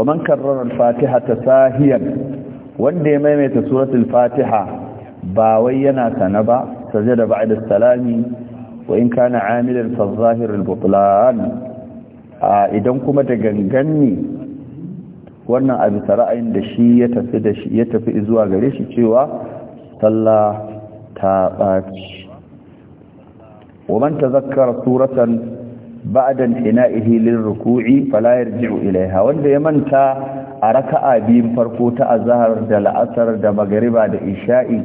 wa man karrara al ta sahiyan wanda ya maimaita suratul fatiha ba wai yana sana ba sajada ba'da salami wa in kana amilan fa adh butlan idan kuma da gangan ne wannan abin ta ra'ayin da shi ya tafi da shi ya tafi zuwa gare shi cewa sallah ta ɓaci wa man tazakkara suratan بعد انحنائه falayar فلا ilai ha? wanda ya manta a raka'a biyun farko ta azhar da la'asar da magariba da isha'i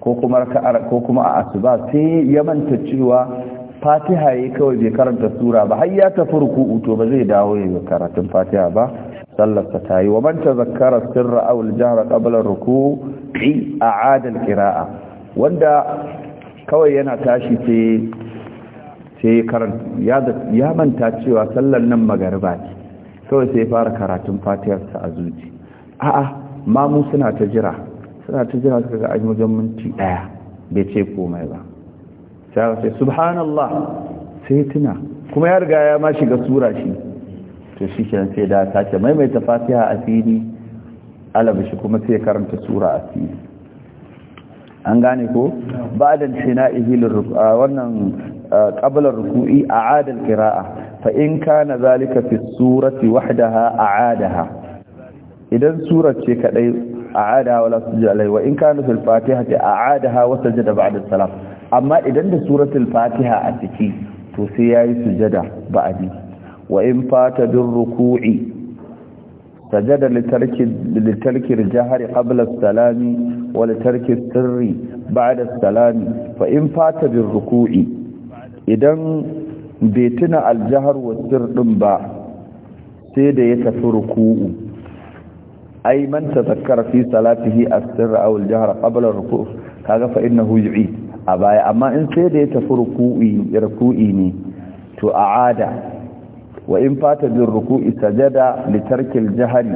ko kuma ko kuma a asuba sai ya manta cewa fatiha yi kawai bai karanta sura ba har ya tafi ruku'u to ba zai dawo ya yi karatun fatiha ba sallarsa ta yi wa man tazakkara sirra awul al-jahra ruku ruku'i a adal kiraa wanda kawai yana tashi sai ya karanta ya manta cewa sallar nan magariba ce kawai sai fara karatun fatiharsa a zuci a'a mamu suna ta jira suna ta jira suka ga ajiyar wajen minti ɗaya bai ce komai ba sai ce subhanallah sai tuna kuma ya riga ya ma shiga sura shi to shi kenan sai da ta ce maimaita fatiha a fili alabashi kuma sai karanta sura a fili an gane ko ba'da sina'ihi lirruqa wannan qabla ruku'i a al kiraa fa in na zalika fi surati wahdaha a'adaha idan surar ce kadai a'ada wala sujud alai wa in kana a fatihati a'adaha wa sajada ba'da salam amma idan da suratul fatiha a ciki to sai yayi sujada ba'adi wa in fata bir ruku'i sajada litarki litarki jahri qabla as-salami wa litarki sirri ba'da as-salami fa in fata bir ruku'i idan bai tuna al-jahr wa sirr din ba sai da ya tafi ruku'u ay man tazakkara fi salatihi as-sirra aw al-jahra qabla ar-ruku' kaga fa innahu yu'id a baya amma in sai da ya tafi ruku'i ruku'i ne to a'ada wa in fata bin ruku'i sajada litarkin tarkil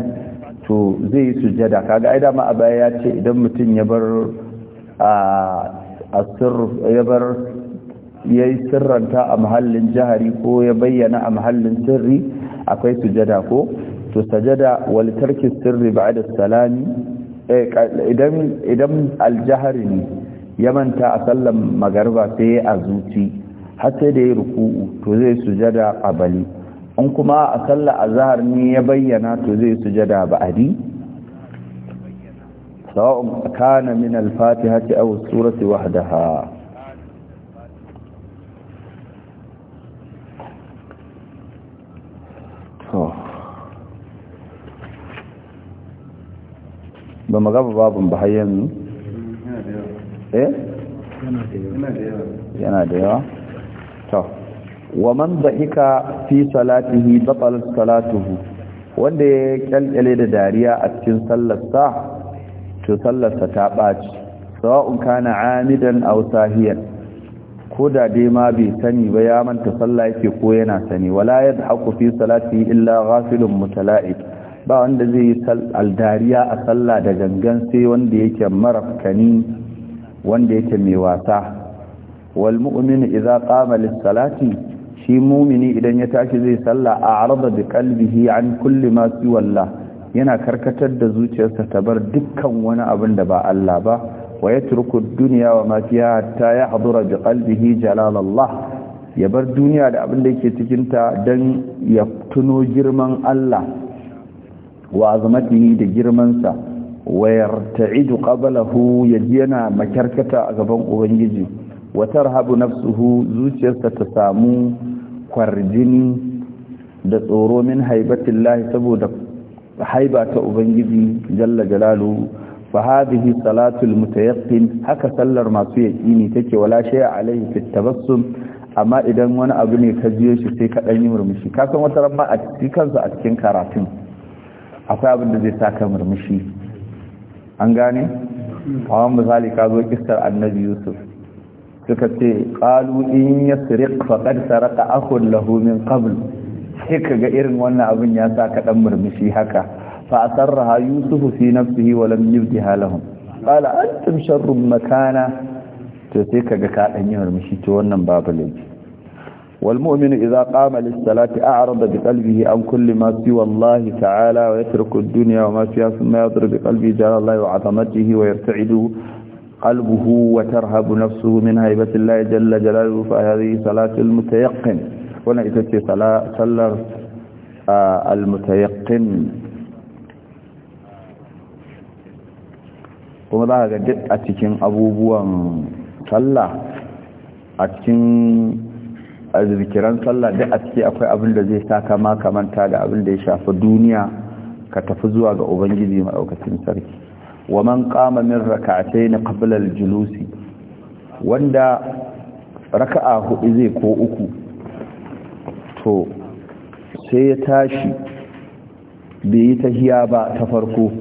to zai yi sujada kaga ai dama a baya ya ce idan mutum ya bar a ya bar ya sirranta a mahallin jihari ko ya bayyana a mahallin sirri akwai sujada ko to sajada wal tarki sirri ba'da salami eh, idan idan aljahari ne ya manta a sallan magarba sai ya azuci har sai da ya ruku'u to zai sujada bali, in kuma a sallar azhar ne ya bayyana to zai sujada ba'adi sawa'un kana min al-fatihati aw surati wahdaha ba magaba babun ba har yanzu Eh? yana da yawa to wa man dhahika fi salatihi batalat salatuhu wanda ya kyalkyale da dariya a cikin sallarsa to sallarsa ta baci sawa'un kana amidan aw sahiyan ko da dai ma bai sani ba ya manta sallah yake ko yana sani wala yadhaku fi salatihi illa ghafilun mutala'ib ba wanda zai yi aldariya a sallah da gangan sai wanda yake marafkani wanda yake mai wasa wal mu'minu idza qama lis-salati shi mu'mini idan ya tashi zai salla a'rada bi qalbihi an kulli ma siwallah yana karkatar da zuciyarsa ta bar dukkan wani abin da ba Allah ba wa yatruku ad-dunya wa ma fiha hatta yahdura bi qalbihi jalal Allah ya bar duniya da abin da yake cikin ta dan ya tuno girman Allah wa azamatihi da sa. wayar ta idu ƙabalahu yana makarkata a gaban ubangiji watar habu nafsuhu zuciyarsa ta samu kwarjini da tsoro min haibatin lahi saboda haiba ta ubangiji jalla jalalu fahadihi salatul mutayaqqin haka sallar masu yaqini take wala shay'a alaihi fit tabassum amma idan wani abu ne ka jiyo shi sai ka yi murmushi kasan san wata ran a cikin a cikin karatun akwai abin da zai saka murmushi an gane kawo misali ka zo kistar annabi yusuf suka ce qalu in sirik faqad saraka akhun lahu min qabl ka ga irin wannan abin ya sa ka ɗan murmushi haka fa asarraha yusuf fi nafsihi wa lam yubdiha lahum qala antum sharrun makana to sai kaga ka ɗan yi murmushi to wannan babu laifi والمؤمن إذا قام للصلاة أعرض بقلبه عن كل ما سوى الله تعالى ويترك الدنيا وما فيها ثم يضرب بقلبه جلال الله وعظمته ويرتعد قلبه وترهب نفسه من هيبة الله جل جلاله فهذه صلاة المتيقن وانا اتتي صلاة صلى آه، المتيقن kuma za ka ga duk a cikin abubuwan sallah a cikin a zikiran sallah duk a ciki akwai abin da zai saka ma kamanta da abin da ya shafi duniya ka tafi zuwa ga ubangiji maɗaukacin sarki wa man qama min rak'atayn qabla al-julusi wanda raka'a hudu zai ko uku to sai ya tashi bai yi tahiya ba ta farko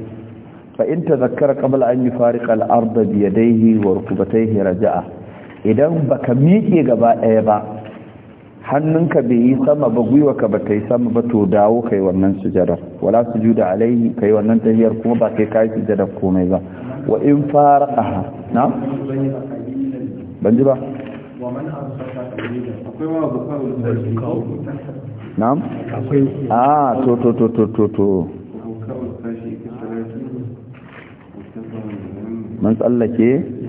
fa in tazakkara qabla an yufariqa al-ardh bi yadayhi wa rukbatayhi raja'a idan baka miƙe gaba ɗaya ba hannunka bai yi sama ba gwiwa ka ba ta yi sama ba to dawo ka yi wannan sujada wala su ju da alaihi ka yi wannan tahiyar kuma ba kai kai sujadar komai ba wa in fara ha na ban ji ba na'am ah to to to to to to man tsallake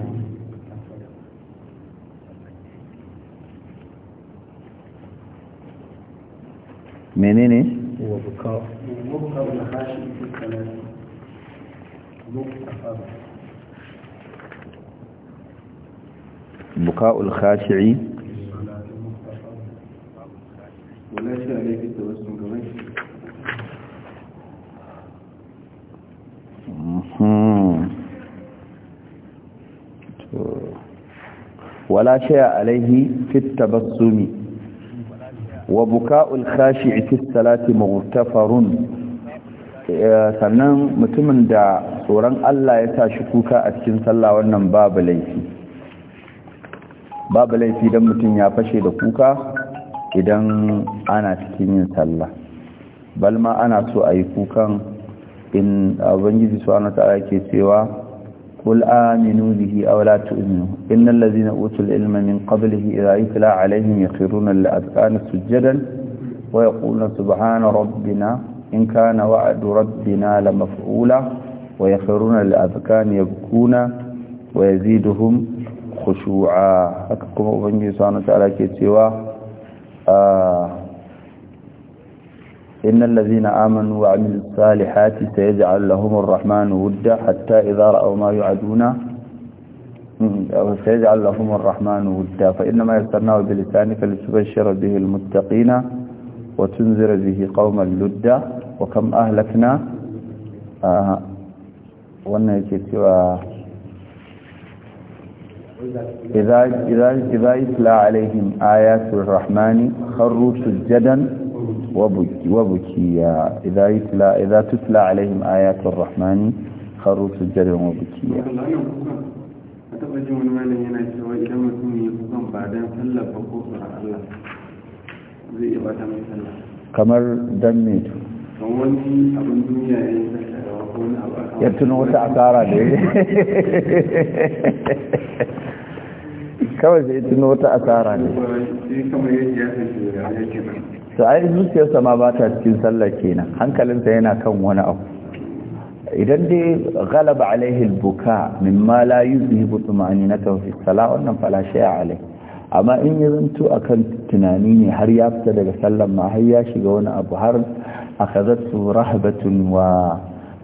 من نيني بكاء الخاشع في الصلاه بكاء الخاشع ولا شيء عليه في التبسم ولا شيء عليه في التبسم wa buka'ul khashi'i fi salati mughtafarun sannan mutumin da tsoron Allah ya sa shi kuka a cikin sallah wannan babu laifi babu laifi dan mutum ya fashe da kuka idan ana cikin yin sallah balma ana so a yi kukan in ubangiji subhanahu wa ta'ala yake cewa قل آمنوا به أو لا تؤمنوا إن الذين أوتوا العلم من قبله إذا يتلى عليهم يخيرون للأذكار سجدا ويقولون سبحان ربنا إن كان وعد ربنا لمفعولا ويخيرون للأذكار يبكون ويزيدهم خشوعا أكبر أبنجي سبحانه وتعالى كتوا آه إن الذين آمنوا وعملوا الصالحات سيجعل لهم الرحمن ودا حتى إذا رأوا ما يعدون سيجعل لهم الرحمن ودا فإنما يسرناه بلسانك لتبشر به المتقين وتنذر به قوما لدا وكم أهلكنا آه wannan إذا إذا إذا idza عليهم آيات الرحمن ayatul rahmani وبكيا إذا, يتلى إذا تتلى عليهم آيات الرحمن خروا وبكيا ya don sallar ba kamar ya yi wata asara da ya kawai sai wata asara kamar ya to ai zuciyarsa ma ba ta cikin sallah kenan hankalinsa yana kan wani abu idan dai galaba alaihi min mimma la yuzhibu tuma'ninatahu fi sala wannan fala shay'a alai amma in ya zanto akan tunani ne har ya fita daga sallar ma har ya shiga wani abu har a akhadhatu rahbatun wa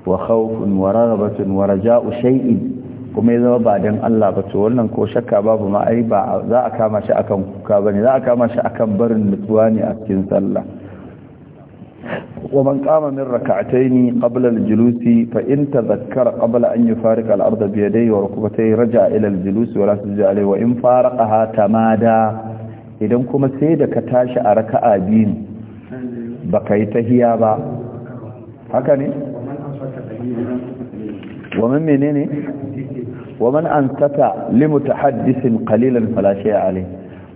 wa khawfun wa rarabatun wa raja'u shay'in kuma ya zama ba dan Allah ba to wannan ko shakka babu ma ai za a kama shi akan kuka ne za a kama shi akan barin nutsuwa ne a cikin sallah ومن قام من ركعتين قبل الجلوس فإن تذكر قبل أن يفارق الأرض بيديه وركبتيه رجع إلى الجلوس ولا سجد عليه وإن فارقها تمادا idan kuma sai da ka tashi a raka'a biyu baka yi tahiya ba haka ne? wa man menene? wa man ansata haddisin qalilan fala shay'a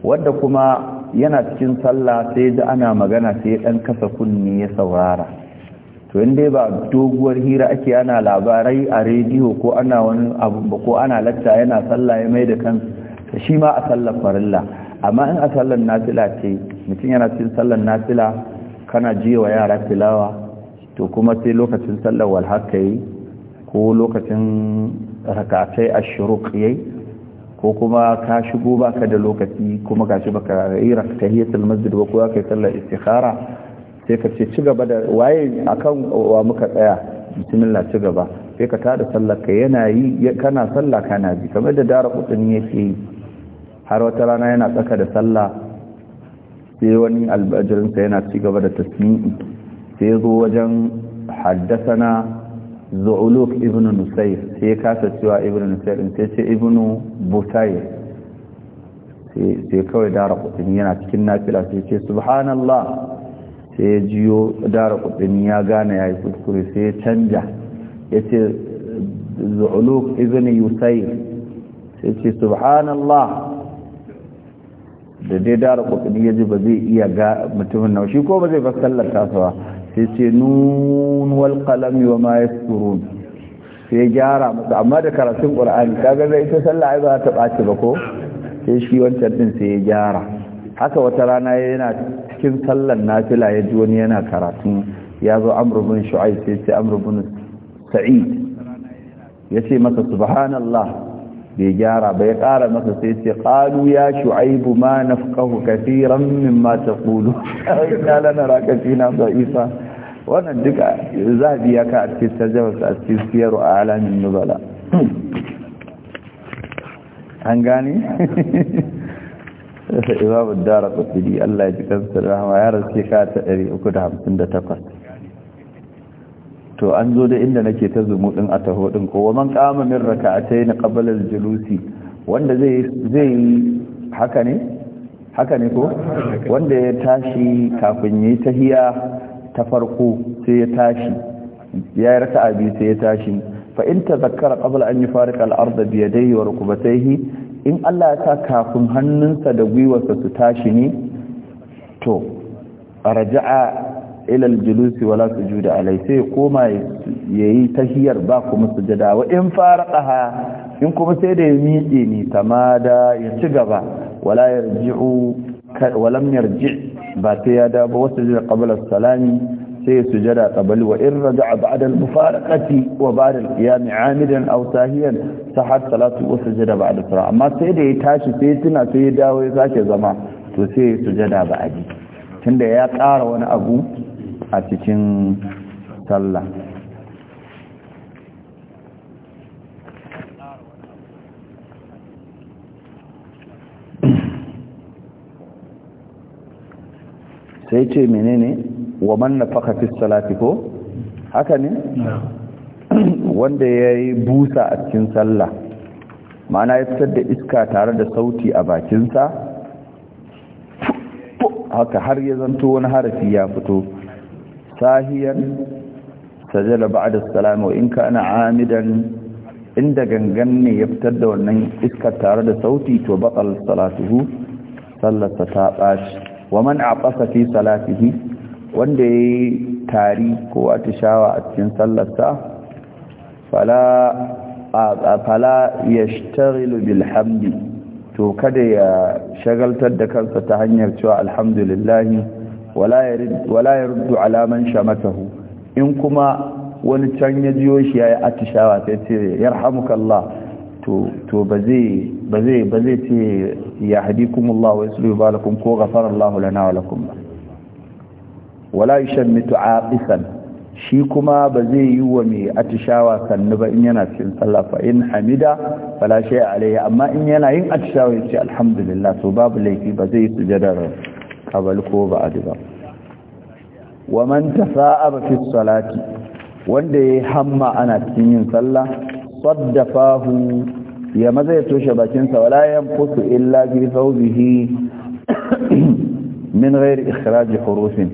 wanda kuma yana cikin sallah sai da ana magana sai dan kasa kunni ya saurara to inda ba doguwar hira ake ana labarai a rediyo ko ana wani abu ko ana latta yana sallah ya mai da kan shi ma a sallar farilla amma in a sallar nafila ce mutum yana cikin sallar nafila kana wa yara tilawa to kuma sai lokacin sallar walhaka ko lokacin rakatai a ashuruq yayi ko kuma ka shigo baka da lokaci kuma shi baka yi masjid ba ko kai sallar istikhara sai ka ce ci gaba da waye akan wa muka tsaya bismillah ci gaba sai ka tada sallar ka yana yi kana sallah kana bi kamar da dara kutuni yake yi har wata rana yana tsaka da sallah sai wani albajirinsa yana ci gaba da tasmi'i sai zo wajen haddasa na. zu'uluk ibn nusayr sai ya kasa cewa ibn nusayr din sai ce ibn butayr sai kawai dara kudini yana cikin nafila sai ce subhanallah sai ya jiyo dara kudini ya gane ya yi kuskure sai ya canja ya ce zu'uluk ibn yusayr sai ce subhanallah da dai dara kudini ya ji ba zai iya ga mutumin shi ko ba zai ba sallar tasawa sai ce nun wal qalami wa ma sai gyara musu amma da karatun qur'ani kaga zai ita sallah ai ba ta baci ba ko sai shi wancan ɗin sai ya gyara haka wata rana yana cikin sallan nafila ya ji wani yana karatu ya zo amr bin shu'aib sai ce Amurbin Sa'id sa'id yace masa subhanallah bai gyara ba ya ƙara masa sai ce ƙalu ya shu'aibu ma nafqahu kaseeran mimma taqulu inna lanaraka fina Isa. wannan duka zabi ya ka a cikin tajawuz a cikin siyaru a alamin nubala an gane imamu dara kuturi Allah ya ji kansa rahama ya rasu ka ta 358 to an zo da inda nake ta zumuɗin a taho ɗin ko man kama min raka'atai na ƙabalar julusi wanda zai yi haka ne haka ne ko wanda ya tashi kafin yi tahiya ta farko sai ya tashi ya yi raka'a biyu sai ya tashi fa in tazakkara qabla an yufariqa al-ard bi yadayhi wa rukbatayhi in Allah ya sa kafin hannunsa da gwiwarsa su tashi ne to raja'a ilal julusi wala sujuda alai sai koma yayi tahiyar ba kuma sujada wa in farqaha in kuma sai da ya miƙe ni tamada ya ci gaba wala yarji'u walam yarji ba sai ya dawo wasu jira qabla salami sai ya sujada qabli wa in raja'a ba'da al-mufaraqati wa ba'da al-qiyam 'amidan aw sahiyan sahat salatu wa sujada ba'da sura amma sai da ya tashi sai tuna sai ya dawo ya sake zama to sai ya sujada ba'adi tunda ya ƙara wani abu a cikin sallah sai ce menene wa man nafaka fi salati ko haka ne wanda yayi busa a cikin sallah ma'ana ya fitar da iska tare da sauti a bakinsa haka har ya zanto wani harafi ya fito sahiyan sajada ba'da salama wa in kana amidan inda gangan ne ya fitar da wannan iskar tare da sauti to batal salatuhu sallarsa ta baci wa man aqasa fi salatihi wanda yayi tari ko atishawa a cikin sallarsa fala fala yashtaghilu hamdi to kada ya shagaltar da kansa ta hanyar cewa alhamdulillah wala ya sha alaman shamatahu in kuma wani can ya jiyo shi ya atishawa sai ce yarhamukallah to ce ya haɗi kumullah wa islu ba ko gafar Allah lana wa lakum ba wala yi shan aqisan shi kuma ba zai yi wa mai atishawa sannu ba in yana cikin sallah fa in hamida fala shay alayhi amma in yana yin atishawa ya ce alhamdulillah to babu laifi ba zai yi sujadar qabl ko a ba wa man tasa'aba fi salati wanda yayi hamma ana cikin yin sallah saddafahu ya maza ya toshe bakinsa wala yanfusu illa bi thawbihi min ghairi ikhraj hurufin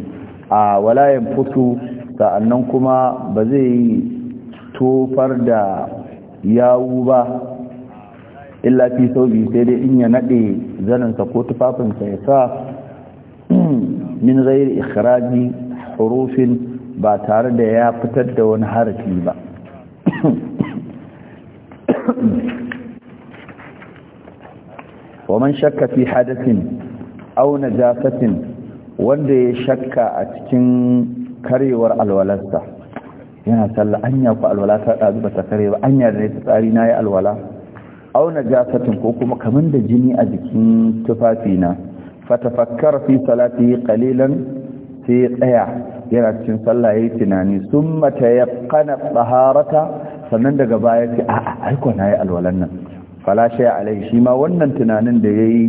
a wala yanfusu sa'annan kuma ba zai tofar da yawu ba illa fi sai dai in ya nade zaninsa ko tufafinsa ya sa min ghairi ikhraji hurufin ba tare da ya fitar da wani harafi ba Waman shakka في حدث Auna نجاسة wanda ya shakka a cikin karewar alwalarsa yana sallah anya ku alwala ta ɗazu ba ta kare ba anya da ta tsari na yi alwala auna jasatin ko kuma kamar da jini a jikin tufafina fatafakkar fi salati qalilan sai tsaya yana cikin sallah yayi tunani summa tayaqqana taharata sannan daga baya ce a'a aiko nayi alwalan nan fala shay alai shi ma wannan tunanin da yayi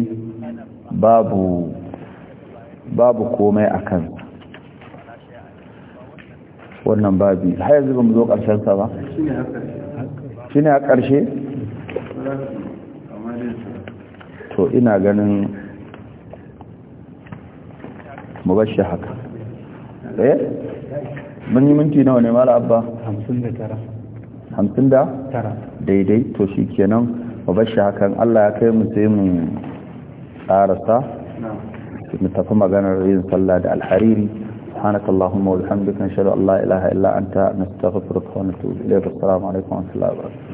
babu babu komai akan wannan babi har yanzu ba mu zo karshen sa ba shine a karshe to ina ganin mu haka eh mun yi minti nawa ne mala abba 59 hamsin da daidai to shi kenan mu bar hakan Allah ya kai mu sai mu tsarasa mu tafi maganar yin sallah da alhariri سبحانك اللهم وبحمدك نشهد ان لا اله الا انت نستغفرك ونتوب اليك السلام عليكم ورحمه الله وبركاته